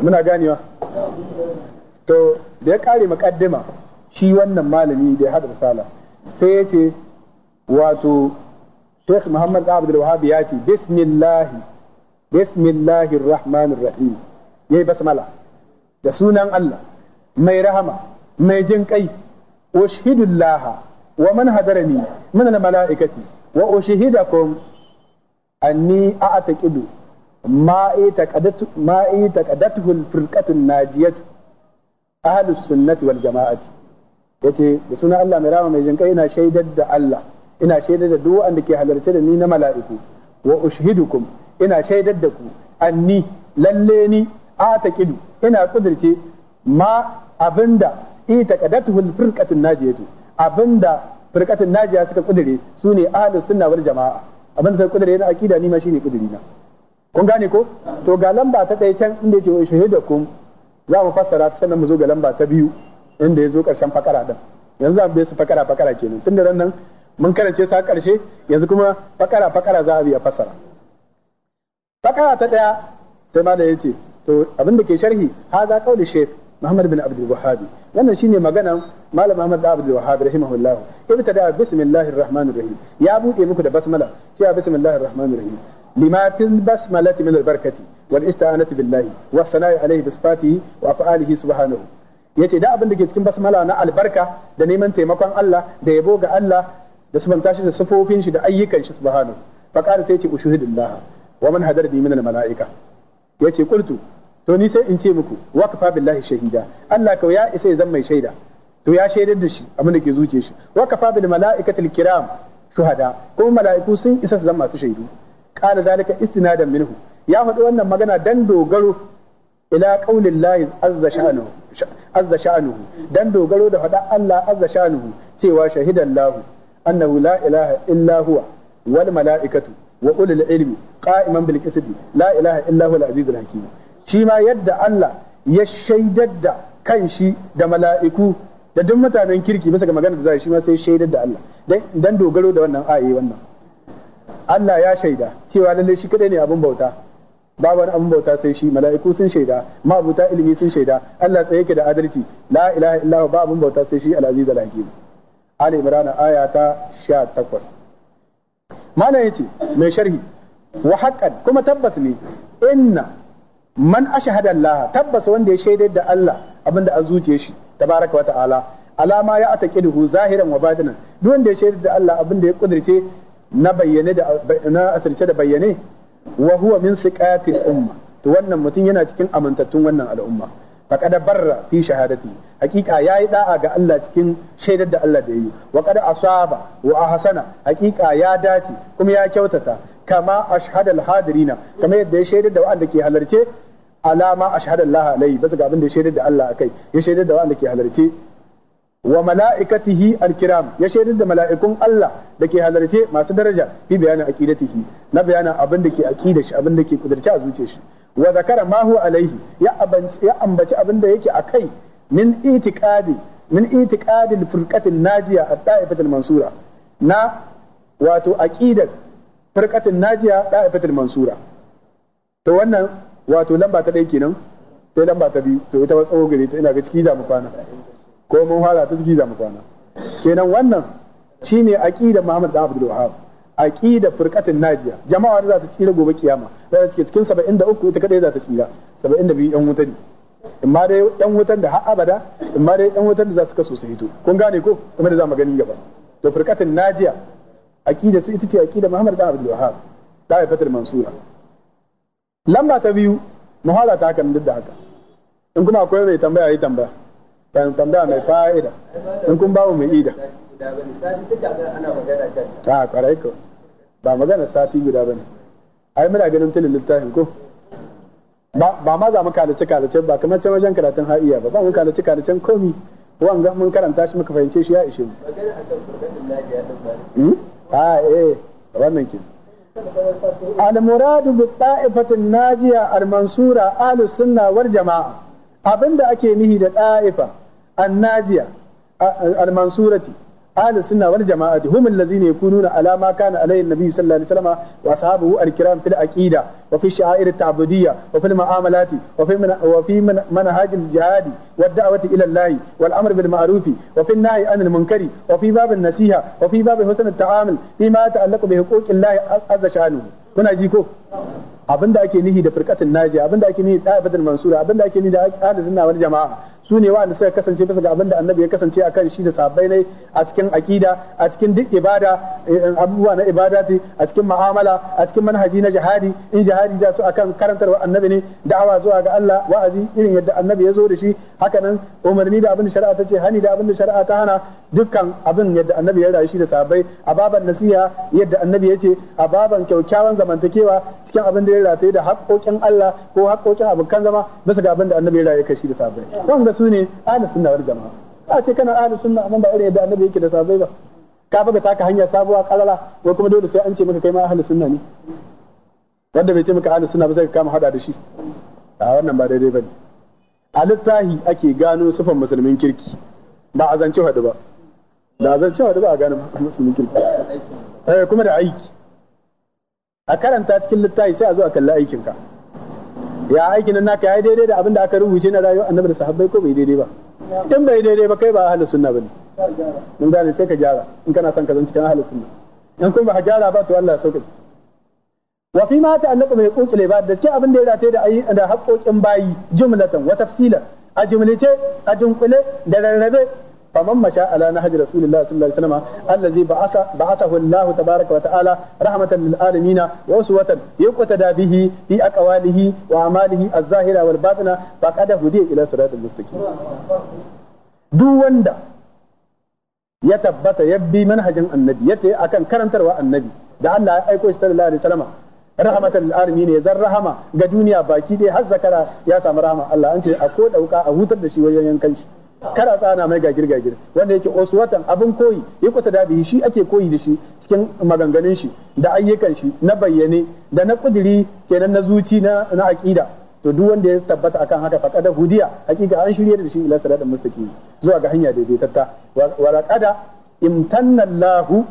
muna ganewa to da ya kare muqaddima shi wannan malami da ya hada misala sai ya ce wato Sheikh Muhammad Abdul Wahab ya ce bismillahi bismillahir rahmanir rahim yayi basmala da sunan Allah mai rahama mai jin kai ushhidullaha wa man hadarani min al mala'ikati wa ushhidakum anni a'taqidu ma itaqadatu ma itaqadatu al firqatu najiyatu ahlus sunnati wal jama'ati Ya ce da suna Allah mai rama mai jinka ina shaidar da Allah ina shaidar da duk wanda ke halarce da ni na mala'iku wa ushidukum ina shaidar da ku anni lalle ni ataqidu ina kudirce ma abinda ita kadatuhul firqatun najiyatu abinda firqatun najiya suka kudire sune ahlus sunna wal jamaa abinda suka kudire na akida ni ma shine na kun gane ko to ga lamba ta ɗaya can inda yake wa shahidakum za mu fassara sannan mu zo ga lamba ta biyu inda ya zo ƙarshen fakara ɗin yanzu an bai su fakara fakara kenan tun da nan mun karance sa ƙarshe yanzu kuma fakara fakara za a biya fasara fakara ta ɗaya sai ma da ya ce to abin da ke sharhi haza kauli shek Muhammad bin Abdul Wahhabi wannan shine maganan Malam Muhammad bin Abdul Wahhabi rahimahullah ibta da bismillahir rahmanir rahim ya buɗe muku da basmala cewa bismillahir rahmanir rahim لما في البسملة من البركة والاستعانة بالله والثناء عليه بصفاته وأفعاله سبحانه yace da abin da ke cikin basmala na albarka da neman taimakon Allah da yabo ga Allah da subanta shi da sufofin shi da ayyukan shi subhanahu fa qala sai yace ushuhudillah wa man hadarni min al yace qultu to ni sai in ce muku wa kafa billahi shahida Allah kawai ya isa ya zama mai shaida to ya shaidar da shi abin da ke zuce shi wa kafa bil malaikatil kiram shuhada kuma mala'iku sun isa su zama masu shaidu qala zalika istinadan minhu ya faɗi wannan magana dan dogaro ila qaulillahi azza sha'nuhu azza sha'nuhu dan dogaro da faɗa Allah azza sha'nuhu cewa shahidan lahu annahu la ilaha illa huwa wal mala'ikatu wa ulul ilmi qa'iman bil qisd la ilaha illa huwa al al hakim shi ma yadda Allah ya shaidar da kanshi da mala'iku da duk mutanen kirki bisa ga magana da zai shi ma sai shaidar da Allah dan dogaro da wannan ayi eh, wannan Allah ya shaida cewa lalle shi kadai ne abin bauta ba wani abin bauta sai shi mala'iku sun shaida mabuta ilimi sun shaida Allah tsaye yake da adalci la ilaha illa ba abin bauta sai shi al-aziz al-hakim Ali Imran aya ta 18 malam yace mai sharhi wa haqqan kuma tabbas ne inna man ashhada Allah tabbas wanda ya shaidar da Allah abinda a zuciye shi baraka wa ta'ala alama ya ataqidu zahiran wa batinan duk wanda ya shaidar da Allah abinda ya kudirce na bayyane da na asirce da bayyane wa huwa min siqatil umma to wannan mutum yana cikin amintattun wannan al'umma faqad barra fi shahadati hakika yayi da'a ga Allah cikin shaidar da Allah da yi wa qad asaba wa ahsana hakika ya dace kuma ya kyautata kama ashhadal hadirina kamar yadda ya shaidar da wanda ke halarce alama ashhadu Allah alai bisa ga abin da ya shaidar da Allah akai ya shaidar da wanda ke halarce wa mala'ikatihi alkiram ya shaidar da mala'ikun Allah da ke halarce masu daraja fi bayanin aqidatihi na bayanin abin da ke aqida shi abin da ke kudurce a zuciyar shi wa zakara ma huwa alaihi ya ambaci abin da yake akai min itiqadi min itiqadi firqatin najiya at-ta'ifatul mansura na wato aqidar firqatin najiya ta'ifatul mansura to wannan wato lamba ta ɗaya kenan sai lamba ta biyu to ita ba tsawo gare ta ina ga ciki da mu kwana ko mun fara ta ciki zamu kwana kenan wannan shine aqida Muhammad da Abdul Wahhab aqida firqatin najiya jama'a da za ta tsira gobe kiyama sai ta cikin 73 ita kadai za ta tsira 72 yan wuta ne in ma dai yan wutan da har abada in ma dai yan wutan da za su kaso su hito kun gane ko kuma da za mu gani gaba to firqatin najiya aqida su ita ce aqida Muhammad da Abdul Wahhab da fatar mansura lamba ta biyu muhala ta hakan duk da haka in kuma akwai mai tambaya yi tambaya kan tambaya mai fa'ida in kun mu mai ida ta kwarai ko ba magana sati guda bane ai muna ganin tilin littafin ko ba ma za mu kalace kalace ba kamar can wajen karatun ha'iya ba ba mu kalace kalacen komi wanga mun karanta shi muka fahimce shi ya ishe mu hmm? a eh wannan ke al-muradu bi ta'ifatin najiya al-mansura al sunna wal jama'a abinda ake nihi da ta'ifa annajiya almansurati ahlus sunna wal jama'ati hum allazina yakununa ala ma kana alayhi an-nabi sallallahu alaihi wasallam wa ashabuhu al-kiram fil aqida wa fi sha'air at-ta'budiyya wa fil mu'amalati wa fi wa fi manhaj al-jihad wa ad-da'wati ila Allah wal amr bil ma'ruf wa fi an-nahy 'anil munkari wa fi bab ma kuna ji ko ake nihi da firqatin najiya abinda ake nihi da mansura ake nihi da ahlus sunna wal jama'a su ne wa'anda suka kasance bisa ga abin da annabi ya kasance akan shi da sabbai ne a cikin akida a cikin duk ibada eh, abubuwa na ibada ce a cikin mu'amala a cikin manhaji na jihadi in jihadi za su akan wa annabi ne da'awa zuwa ga Allah wa'azi irin yadda annabi ya zo da shi hakanan umarni da abin da shari'a ta ce hani da abin da shari'a ta hana dukkan abin yadda annabi ya rayu shi da sabbai a baban nasiha yadda annabi ya ce a baban kyaukyawan zamantakewa cikin abin da ya rataye da haƙoƙin Allah ko haƙoƙin abokan zama bisa ga abin da annabi ya raye kashi da sabai ga su ne ahlus sunna wal jama'a a ce kana ahlus sunna amma ba irin yadda annabi yake da sabai ba ka fa taka hanya sabuwa kalala ko kuma dole sai an ce maka kai ma ahlus sunna ne wanda bai ce maka ahlus sunna ba sai ka kama hada da shi a wannan ba daidai bane a littahi ake gano sufan musulmin kirki ba a zance hadu ba da zance hadu ba a gano musulmin kirki eh, kuma da aiki a karanta cikin littafi sai a zo a kalli aikin ka ya aikin naka ya daidai da abin da aka rubuce na rayuwar annabi da sahabbai ko bai daidai ba in bai daidai ba kai ba ahlus sunna bane mun gane sai ka gyara in kana son ka zan cikin ahlus sunna in kuma ba ka gyara ba to Allah ya sauke wa fi ma ta'allaqu mai huquqil ba da cikin abin da ya rata da ayi da haƙoƙin bayi jumlatan wa tafsila a jumlice a dunkule da rarrabe faman masha ala nahji rasulillahi sallallahu alaihi wasallam allazi ba'atha ba'athahu Allah tabaaraka wa ta'ala rahmatan lil alamin wa uswatan yuqtada bihi fi aqwalihi wa amalihi az-zahira wal batina faqad hudiya ila siratal mustaqim duk wanda ya tabbata ya bi manhajin annabi yace akan karantarwa annabi da Allah ya aiko shi sallallahu alaihi wasallam rahmatan lil alamin ya zan rahama ga duniya baki ɗaya har zakara ya samu rahama Allah an ce a ko dauka a hutar da shi wajen yankan shi kara tsana mai gagir gagir wanda yake uswatan abin koyi ya kusa da shi ake koyi da shi cikin maganganun shi da ayyukan shi na bayyane da na kudiri kenan na zuci na na aqida to duk wanda ya tabbata akan haka faqad hudiya hakika an shirye da shi ila siratal mustaqim zuwa ga hanya daidaitatta wa laqad imtanna Allahu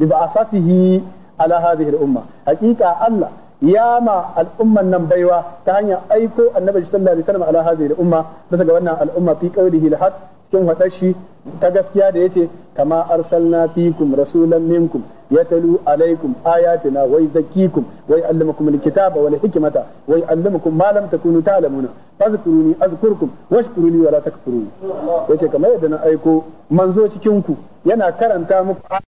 bi ba'athatihi ala hadhihi al-umma hakika Allah ya ma al'umman nan baiwa ta hanyar aiko annabi sallallahu alaihi wasallam ala hadhihi umma bisa ga wannan al'umma fi qawlihi al cikin wadar shi ta gaskiya da yace kama arsalna fikum rasulan minkum yatalu alaikum ayatina wa yuzakkikum wa yuallimukum alkitaba wal hikmata wa yuallimukum ma lam takunu ta'lamuna fadhkuruni azkurkum washkuruni wa la takfuruni yace kamar yadda na aiko manzo cikin ku yana karanta muku